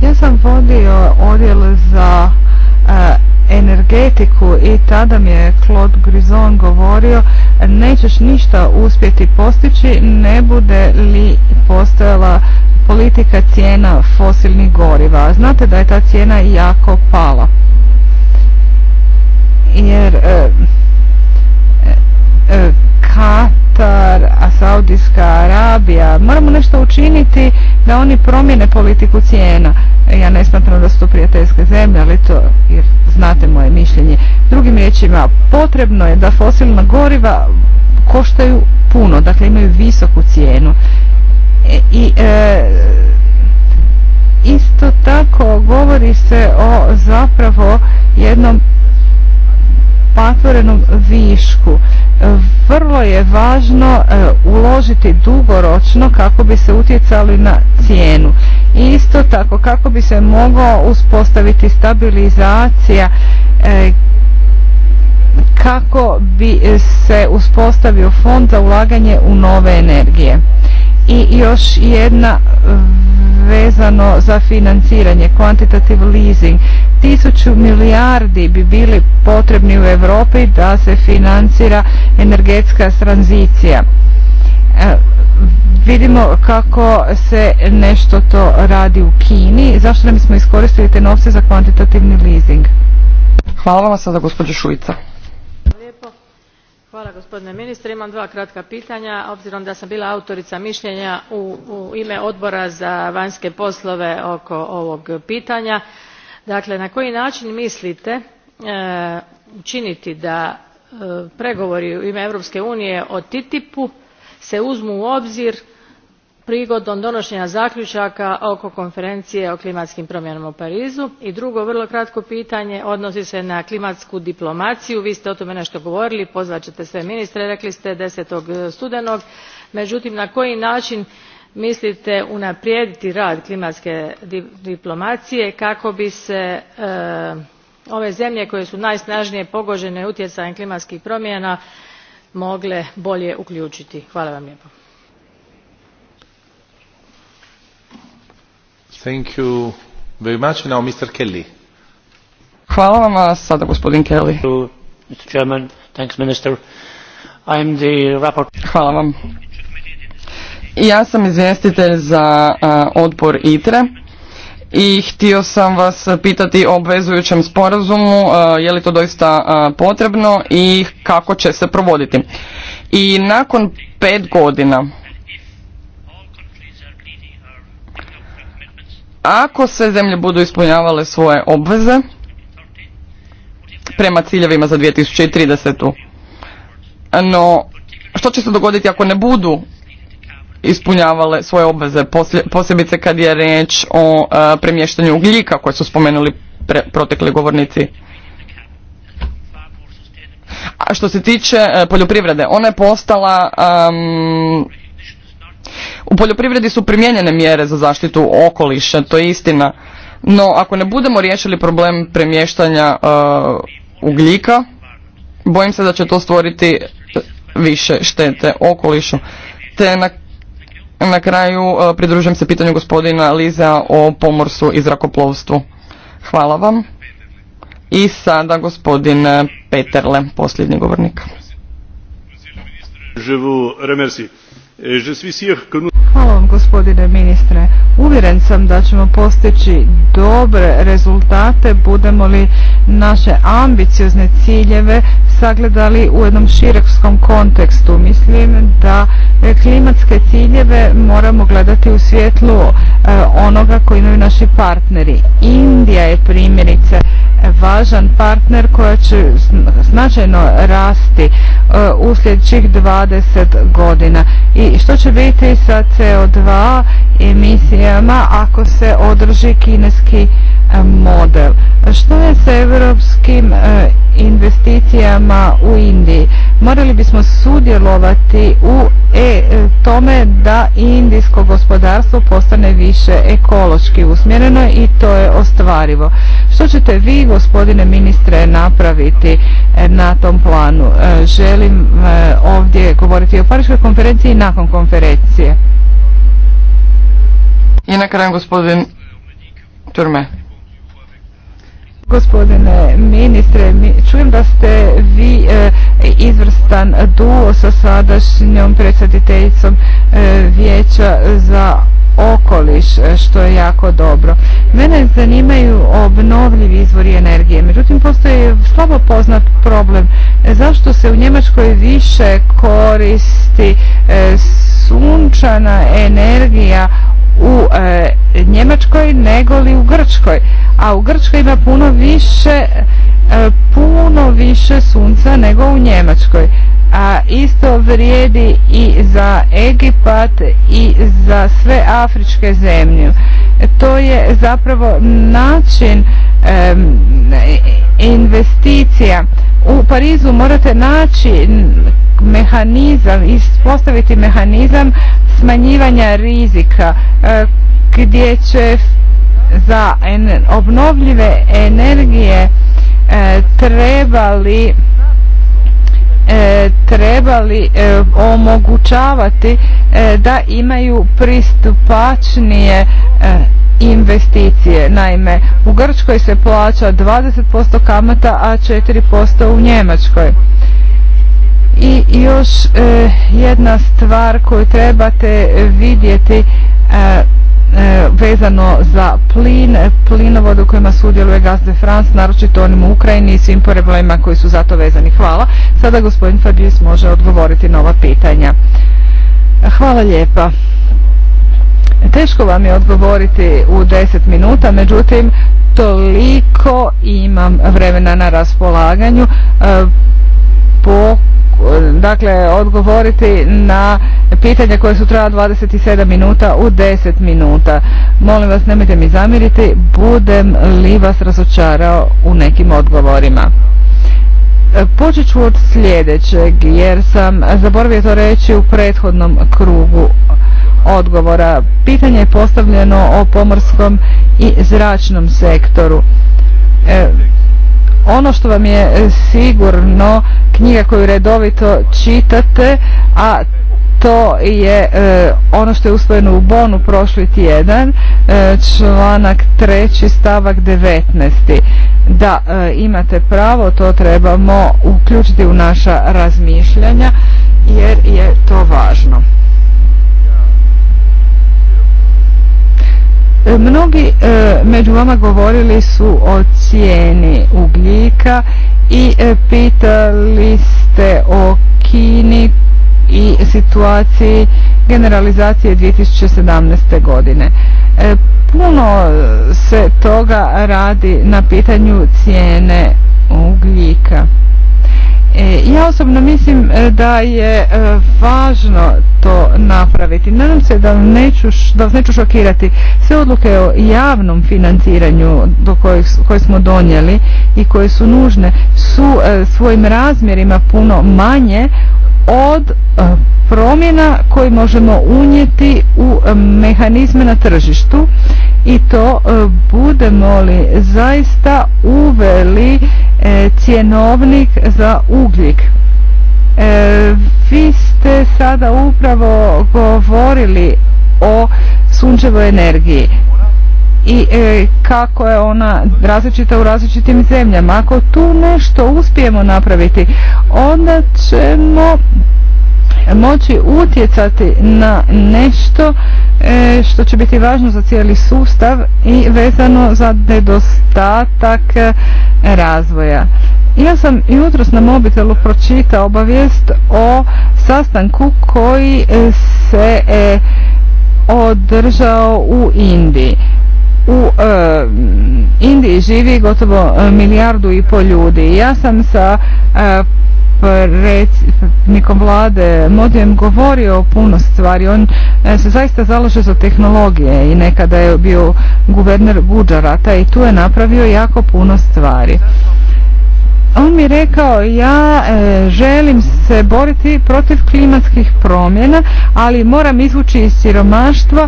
ja sam vodio odjel za e, energetiku i tada mi je Claude Grison govorio nećeš ništa uspjeti postići ne bude li postojala politika cijena fosilnih goriva. Znate da je ta cijena jako pala jer e, e, e, Katar, a Saudijska Arabija, moramo nešto učiniti da oni promijene politiku cijena. Ja ne smatram da su to prijateljske zemlje, ali to, jer znate moje mišljenje. Drugim riječima, potrebno je da fosilna goriva koštaju puno, dakle imaju visoku cijenu. I, isto tako govori se o zapravo jednom patvorenom višku. Vrlo je važno e, uložiti dugoročno kako bi se utjecali na cijenu. Isto tako kako bi se mogao uspostaviti stabilizacija e, kako bi se uspostavio fond za ulaganje u nove energije. I još jedna vezano za financiranje, quantitative leasing. Tisuću milijardi bi bili potrebni u Europi da se financira energetska tranzicija. E, vidimo kako se nešto to radi u Kini. Zašto ne bismo iskoristili te novce za kvantitativni leasing? Hvala vam sada gospođo Šujica. Hvala gospodine ministre. Imam dva kratka pitanja. Obzirom da sam bila autorica mišljenja u, ime odbora za vanjske poslove oko ovog pitanja, dakle na koji način mislite e, učiniti da e, pregovori u ime Europske unije o TTIP-u se uzmu u obzir prigodom donošenja zaključaka oko konferencije o klimatskim promjenama u parizu i drugo vrlo kratko pitanje odnosi se na klimatsku diplomaciju vi ste o tome nešto govorili pozvat ćete sve ministre rekli ste. ten studenog međutim na koji način mislite unaprijediti rad klimatske diplomacije kako bi se eh, ove zemlje koje su najsnažnije pogođene utjecajem klimatskih promjena mogle bolje uključiti? hvala vam lijepo. Hvala vam, sada gospodin Kelly. Hvala vam. Ja sam izvjestitelj za odpor odbor ITRE i htio sam vas pitati o obvezujućem sporazumu, je li to doista potrebno i kako će se provoditi. I nakon pet godina Ako se zemlje budu ispunjavale svoje obveze prema ciljevima za 2030. No, što će se dogoditi ako ne budu ispunjavale svoje obveze, posebice kad je riječ o e, premještanju ugljika koje su spomenuli protekli govornici. A što se tiče e, poljoprivrede, ona je postala u poljoprivredi su primijenjene mjere za zaštitu okoliša, to je istina. No, ako ne budemo riješili problem premještanja e, ugljika, bojim se da će to stvoriti e, više štete okolišu. Te na, na kraju e, pridružujem se pitanju gospodina Liza o pomorstvu i zrakoplovstvu. Hvala vam. I sada gospodin Peterle, posljednji govornik. Je vous je suis sûr que nous gospodine ministre. Uvjeren sam da ćemo postići dobre rezultate budemo li naše ambiciozne ciljeve sagledali u jednom širekskom kontekstu. Mislim da e, klimatske ciljeve moramo gledati u svjetlu e, onoga koji imaju naši partneri. Indija je primjerice važan partner koja će značajno rasti e, u sljedećih 20 godina. I što će biti sa CO2 dva emisijama ako se održi kineski e, model. Što je s europskim e, investicijama u Indiji? Morali bismo sudjelovati u e tome da indijsko gospodarstvo postane više ekološki usmjereno i to je ostvarivo. Što ćete vi, gospodine ministre, napraviti e, na tom planu? Želim ovdje govoriti o Pariškoj konferenciji i nakon konferencije. I na kraju gospodin Turme. Gospodine ministre, čujem da ste vi e, izvrstan duo sa sadašnjom predsjediteljicom e, vijeća za okoliš, e, što je jako dobro. Mene zanimaju obnovljivi izvori energije, međutim postoji slabo poznat problem. Zašto se u Njemačkoj više koristi sunčana energija u e, Njemačkoj nego li u Grčkoj. A u Grčkoj ima puno više, e, puno više sunca nego u Njemačkoj. A isto vrijedi i za Egipat i za sve afričke zemlje. E, to je zapravo način investicija. U Parizu morate naći mehanizam, postaviti mehanizam smanjivanja rizika e, gdje će za obnovljive energije e, trebali e, trebali omogućavati da imaju pristupačnije investicije. Naime, u Grčkoj se plaća 20% kamata, a 4% u Njemačkoj. I još e, jedna stvar koju trebate vidjeti e, e, vezano za plin, plinovod u kojima sudjeluje Gaz de France, naročito onim u Ukrajini i svim problemima koji su zato vezani. Hvala. Sada gospodin Fabius može odgovoriti na ova pitanja. Hvala lijepa. Teško vam je odgovoriti u 10 minuta, međutim toliko imam vremena na raspolaganju. po dakle odgovoriti na pitanja koje su trajala 27 minuta u 10 minuta. Molim vas nemojte mi zamiriti, budem li vas razočarao u nekim odgovorima. E, počet ću od sljedećeg jer sam zaboravio to reći u prethodnom krugu odgovora. Pitanje je postavljeno o pomorskom i zračnom sektoru. E, ono što vam je e, sigurno knjiga koju redovito čitate, a to je e, ono što je usvojeno u Bonu prošli tjedan, e, članak 3. stavak 19. Da, e, imate pravo, to trebamo uključiti u naša razmišljanja jer je to važno. E, mnogi e, među vama govorili su o cijeni ugljika i e, pitali ste o Kini i situaciji generalizacije 2017. godine. Puno se toga radi na pitanju cijene ugljika. E, ja osobno mislim e, da je e, važno to napraviti. Nadam se da, neću, da vas neću šokirati. Sve odluke o javnom financiranju do koje smo donijeli i koje su nužne su svojim razmjerima puno manje od e, promjena koji možemo unijeti u e, mehanizme na tržištu i to e, budemo li zaista uveli cjenovnik za ugljik. Vi ste sada upravo govorili o sunčevoj energiji i e, kako je ona različita u različitim zemljama. Ako tu nešto uspijemo napraviti, onda ćemo moći utjecati na nešto e, što će biti važno za cijeli sustav i vezano za nedostatak e, razvoja. Ja sam jutros na mobitelu pročitao obavijest o sastanku koji se e, održao u Indiji u e, Indiji živi gotovo e, milijardu i pol ljudi. Ja sam sa e, predsjednikom vlade Modijem govorio o puno stvari. On e, se zaista založe za tehnologije i nekada je bio guverner Guđarata i tu je napravio jako puno stvari. On mi je rekao ja želim se boriti protiv klimatskih promjena, ali moram izvući iz siromaštva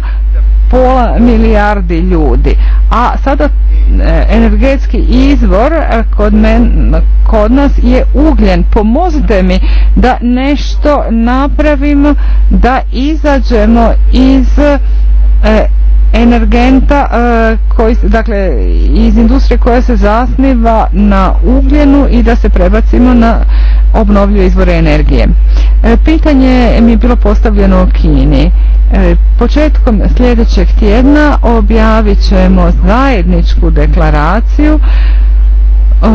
pola milijardi ljudi. A sada e, energetski izvor e, kod, kod nas je ugljen. Pomozite mi da nešto napravimo da izađemo iz e, energenta e, koji, dakle iz industrije koja se zasniva na ugljenu i da se prebacimo na obnovljive izvore energije. pitanje mi je bilo postavljeno u Kini. E, početkom sljedećeg tjedna objavit ćemo zajedničku deklaraciju e,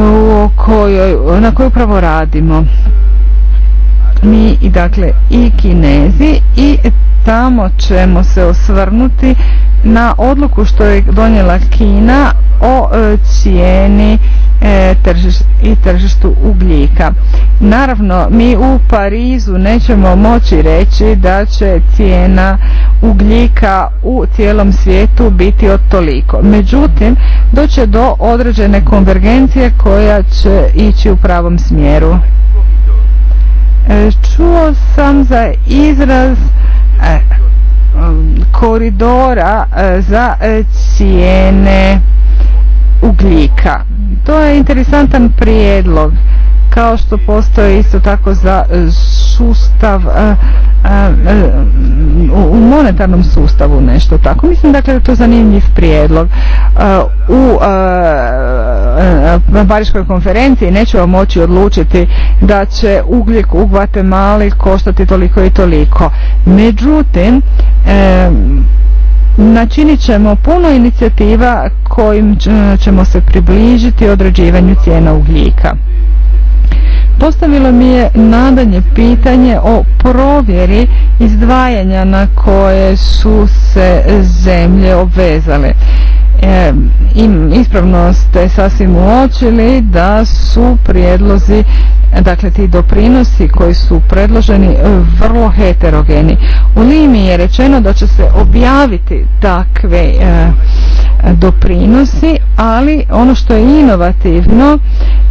na kojoj upravo radimo mi i dakle i Kinezi i tamo ćemo se osvrnuti na odluku što je donijela Kina o e, cijeni e, i tržištu ugljika. Naravno, mi u Parizu nećemo moći reći da će cijena ugljika u cijelom svijetu biti od toliko. Međutim, doće do određene konvergencije koja će ići u pravom smjeru. E, čuo sam za izraz e, um, koridora e, za cijene ugljika. To je interesantan prijedlog kao što postoje isto tako za e, sustav e, e, u monetarnom sustavu nešto tako. Mislim dakle da je to zanimljiv prijedlog. U Bariškoj konferenciji nećemo moći odlučiti da će ugljik u Guatemala koštati toliko i toliko. Međutim, načinit ćemo puno inicijativa kojim ćemo se približiti određivanju cijena ugljika. Postavilo mi je nadalje pitanje o provjeri izdvajanja na koje su se zemlje obvezale ispravno ste sasvim uočili da su prijedlozi dakle ti doprinosi koji su predloženi vrlo heterogeni. U Limi je rečeno da će se objaviti takve e, doprinosi, ali ono što je inovativno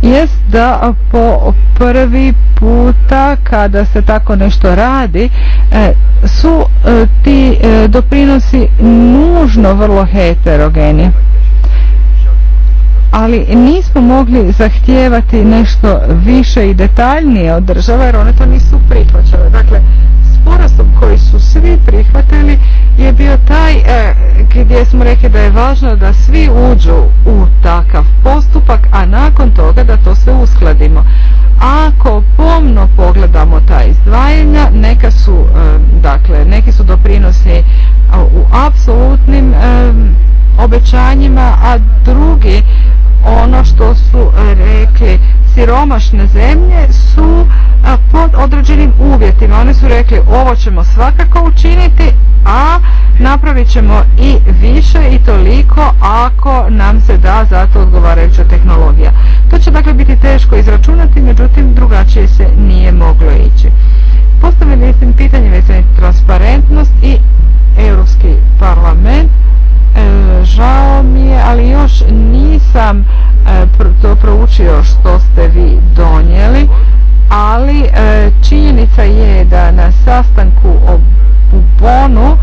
jest da po prvi puta kada se tako nešto radi e, su e, ti doprinosi nužno vrlo heterogeni ali nismo mogli zahtijevati nešto više i detaljnije od države jer one to nisu prihvaćale. Dakle, sporazum koji su svi prihvatili je bio taj eh, gdje smo rekli da je važno da svi uđu u takav postupak, a nakon toga da to sve uskladimo. Ako pomno pogledamo ta izdvajanja, neka su, eh, dakle, neki su doprinosi eh, u apsolutnim obećanjima, a drugi ono što su e, rekli siromašne zemlje su e, pod određenim uvjetima. Oni su rekli ovo ćemo svakako učiniti, a napravit ćemo i više i toliko ako nam se da za to odgovarajuća tehnologija. To će dakle biti teško izračunati, međutim drugačije se nije moglo ići. Postavili sam pitanje vezano transparentnost i Europski parlament E, žao mi je, ali još nisam e, to proučio što ste vi donijeli, ali e, činjenica je da na sastanku u Bonu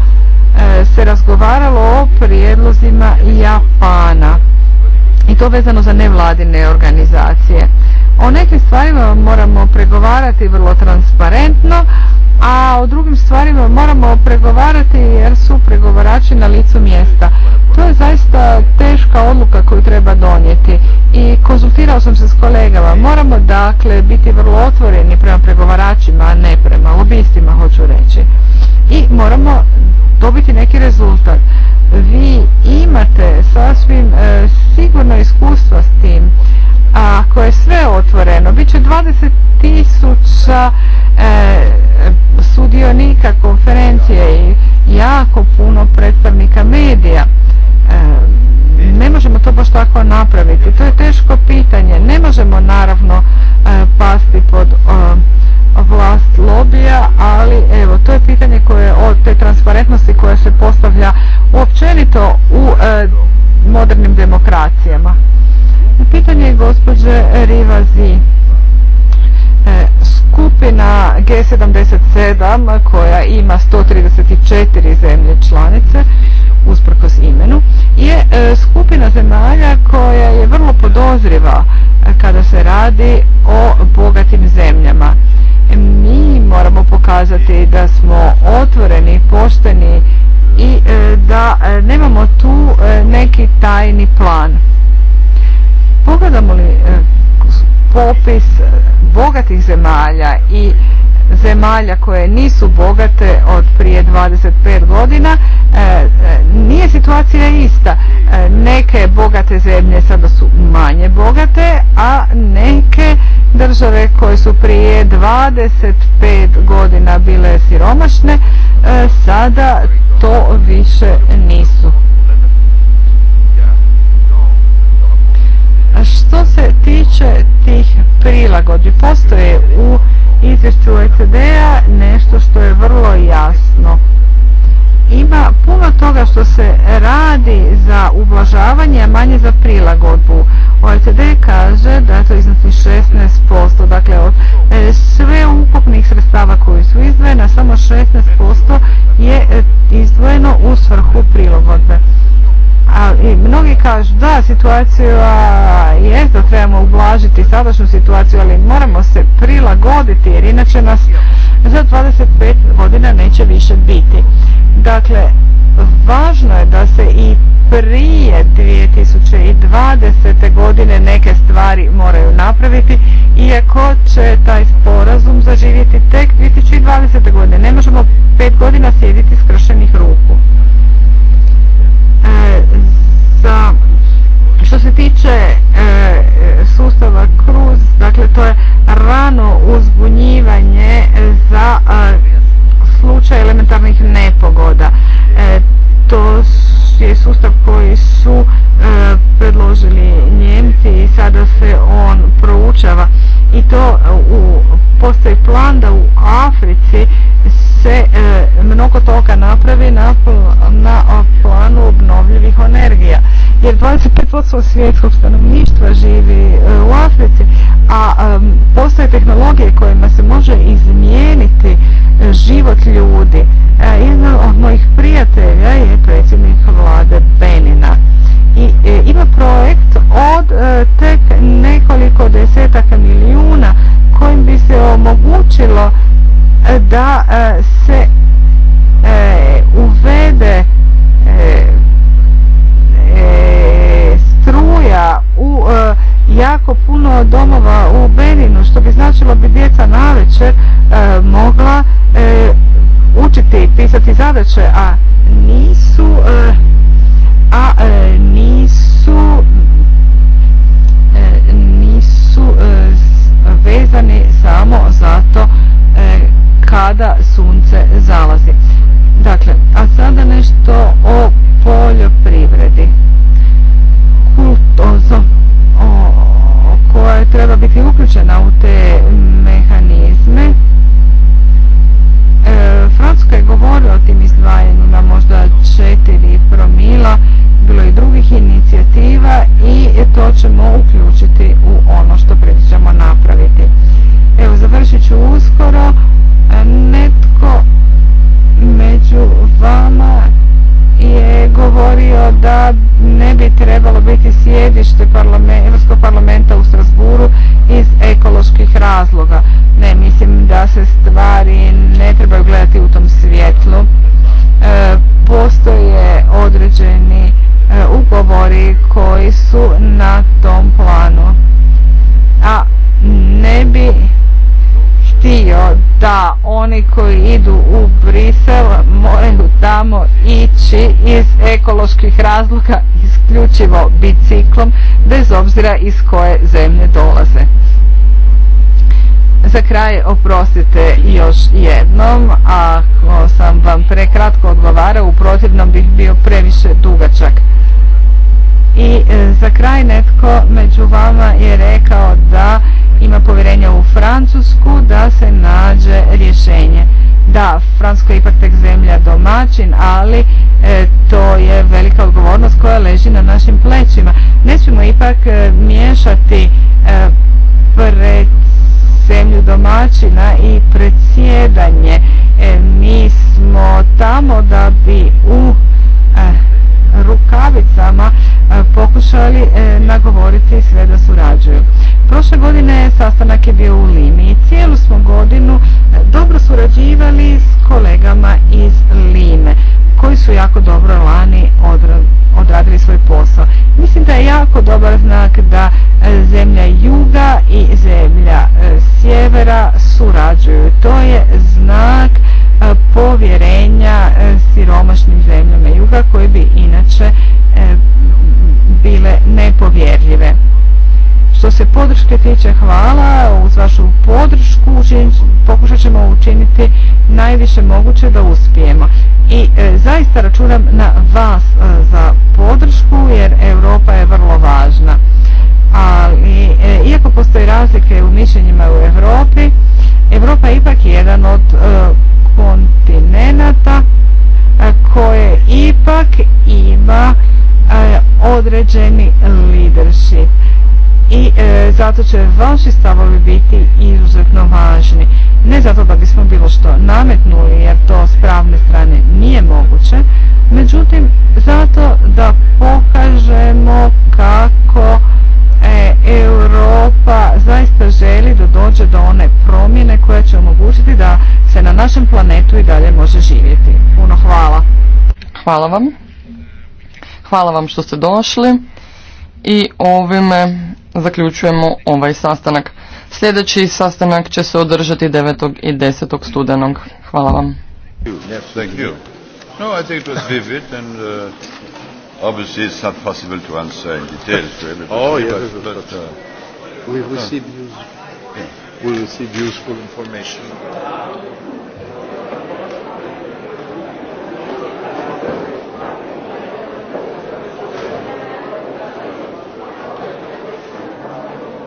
se razgovaralo o prijedlozima Japana i to vezano za nevladine organizacije. O nekim stvarima moramo pregovarati vrlo transparentno, a o drugim stvarima moramo pregovarati jer su pregovarači na licu mjesta. To je zaista teška odluka koju treba donijeti i konzultirao sam se s kolegama. Moramo dakle biti vrlo otvoreni prema pregovaračima, a ne prema lobistima, hoću reći. I moramo dobiti neki rezultat. Vi imate sasvim e, sigurno iskustva s tim, ako je sve otvoreno, bit će 20 e, sudionika konferencije i jako puno predstavnika medija. E, ne možemo to baš tako napraviti. To je teško pitanje. Ne možemo naravno e, pasti pod vlast lobija, ali evo, to je pitanje koje, o te transparentnosti koja se postavlja uopćenito u modernim demokracijama. Pitanje gospođe Rivazi. E, skupina G77 koja ima 134 zemlje članice usprkos imenu je e, skupina zemalja koja je vrlo podozriva e, kada se radi o bogatim zemljama. Mi moramo pokazati da smo otvoreni, pošteni i e, da e, nemamo tu e, neki tajni plan. Pogledamo li popis bogatih zemalja i zemalja koje nisu bogate od prije 25 godina, nije situacija ista. Neke bogate zemlje sada su manje bogate, a neke države koje su prije 25 godina bile siromašne, sada to više nisu. što se tiče tih prilagodbi, postoje u izvješću OECD-a nešto što je vrlo jasno ima puno toga što se radi za ublažavanje, a manje za prilagodbu. OECD kaže da je to iznosi 16%, dakle od e, sve ukupnih sredstava koji su izdvojena, samo 16% je e, izdvojeno u svrhu prilagodbe i mnogi kažu da situacija jest da trebamo ublažiti sadašnju situaciju ali moramo se prilagoditi jer inače nas za 25 godina neće više biti dakle važno je da se i prije 2020. godine neke stvari moraju napraviti iako će taj sporazum zaživjeti tek 2020. godine ne možemo pet godina sjediti skršenih ruku da što se tiče e, sustava Kruz dakle to je rano uzbunjivanje za e, slučaj elementarnih nepogoda. E, to je sustav koji su predložili Njemci i sada se on proučava. I to u, postoji plan da u Africi se mnogo toga napravi na posto svjetskog stanovništva živi e, u Africi, a postoje tehnologije kojima se može izmijeniti e, život ljudi razloga isključivo biciklom bez obzira iz koje zemlje dolaze. Za kraj oprostite još jednom, ako sam vam prekratko odgovarao, u protivnom bih bio previše dugačak. I e, za kraj netko među vama je rekao da ima povjerenja u Francusku da se nađe rješenje. Da, Francuska je ipak tek zemlja domaćin, ali e, to je velika odgovornost koja leži na našim plećima. Ne ipak e, miješati e, pred zemlju domaćina i predsjedanje. E, mi smo tamo da bi u e, rukavicama e, pokušali e, nagovoriti sve da surađuju. Prošle godine sastanak je bio u Limi i cijelu smo godinu e, dobro surađivali s kolegama iz Lime koji su jako dobro lani odradili svoj posao. Mislim da je jako dobar znak da zemlja juga i zemlja sjevera surađuju. To je znak E, povjerenja e, siromašnim zemljama juga koje bi inače e, bile nepovjerljive. Što se podrške tiče, hvala. Uz vašu podršku pokušat ćemo učiniti najviše moguće da uspijemo. I zaista računam na vas za podršku jer Europa je vrlo važna. Ali iako postoje razlike u mišljenjima u Europi, Europa je ipak jedan od kontinenata koje ipak ima e, određeni leadership i e, zato će vaši stavovi biti izuzetno važni. Ne zato da bismo bilo što nametnuli jer to s pravne strane nije moguće, međutim zato da pokažemo kako E, Europa zaista želi da dođe do one promjene koja će omogućiti da se na našem planetu i dalje može živjeti. Puno hvala. Hvala vam. Hvala vam što ste došli i ovime zaključujemo ovaj sastanak. Sljedeći sastanak će se održati 9. i 10. studenog. Hvala vam. Obviously, ah, it's not possible to answer in detail to everybody. Oh, yes, but, but, uh, we receive, use, yeah. we receive useful information.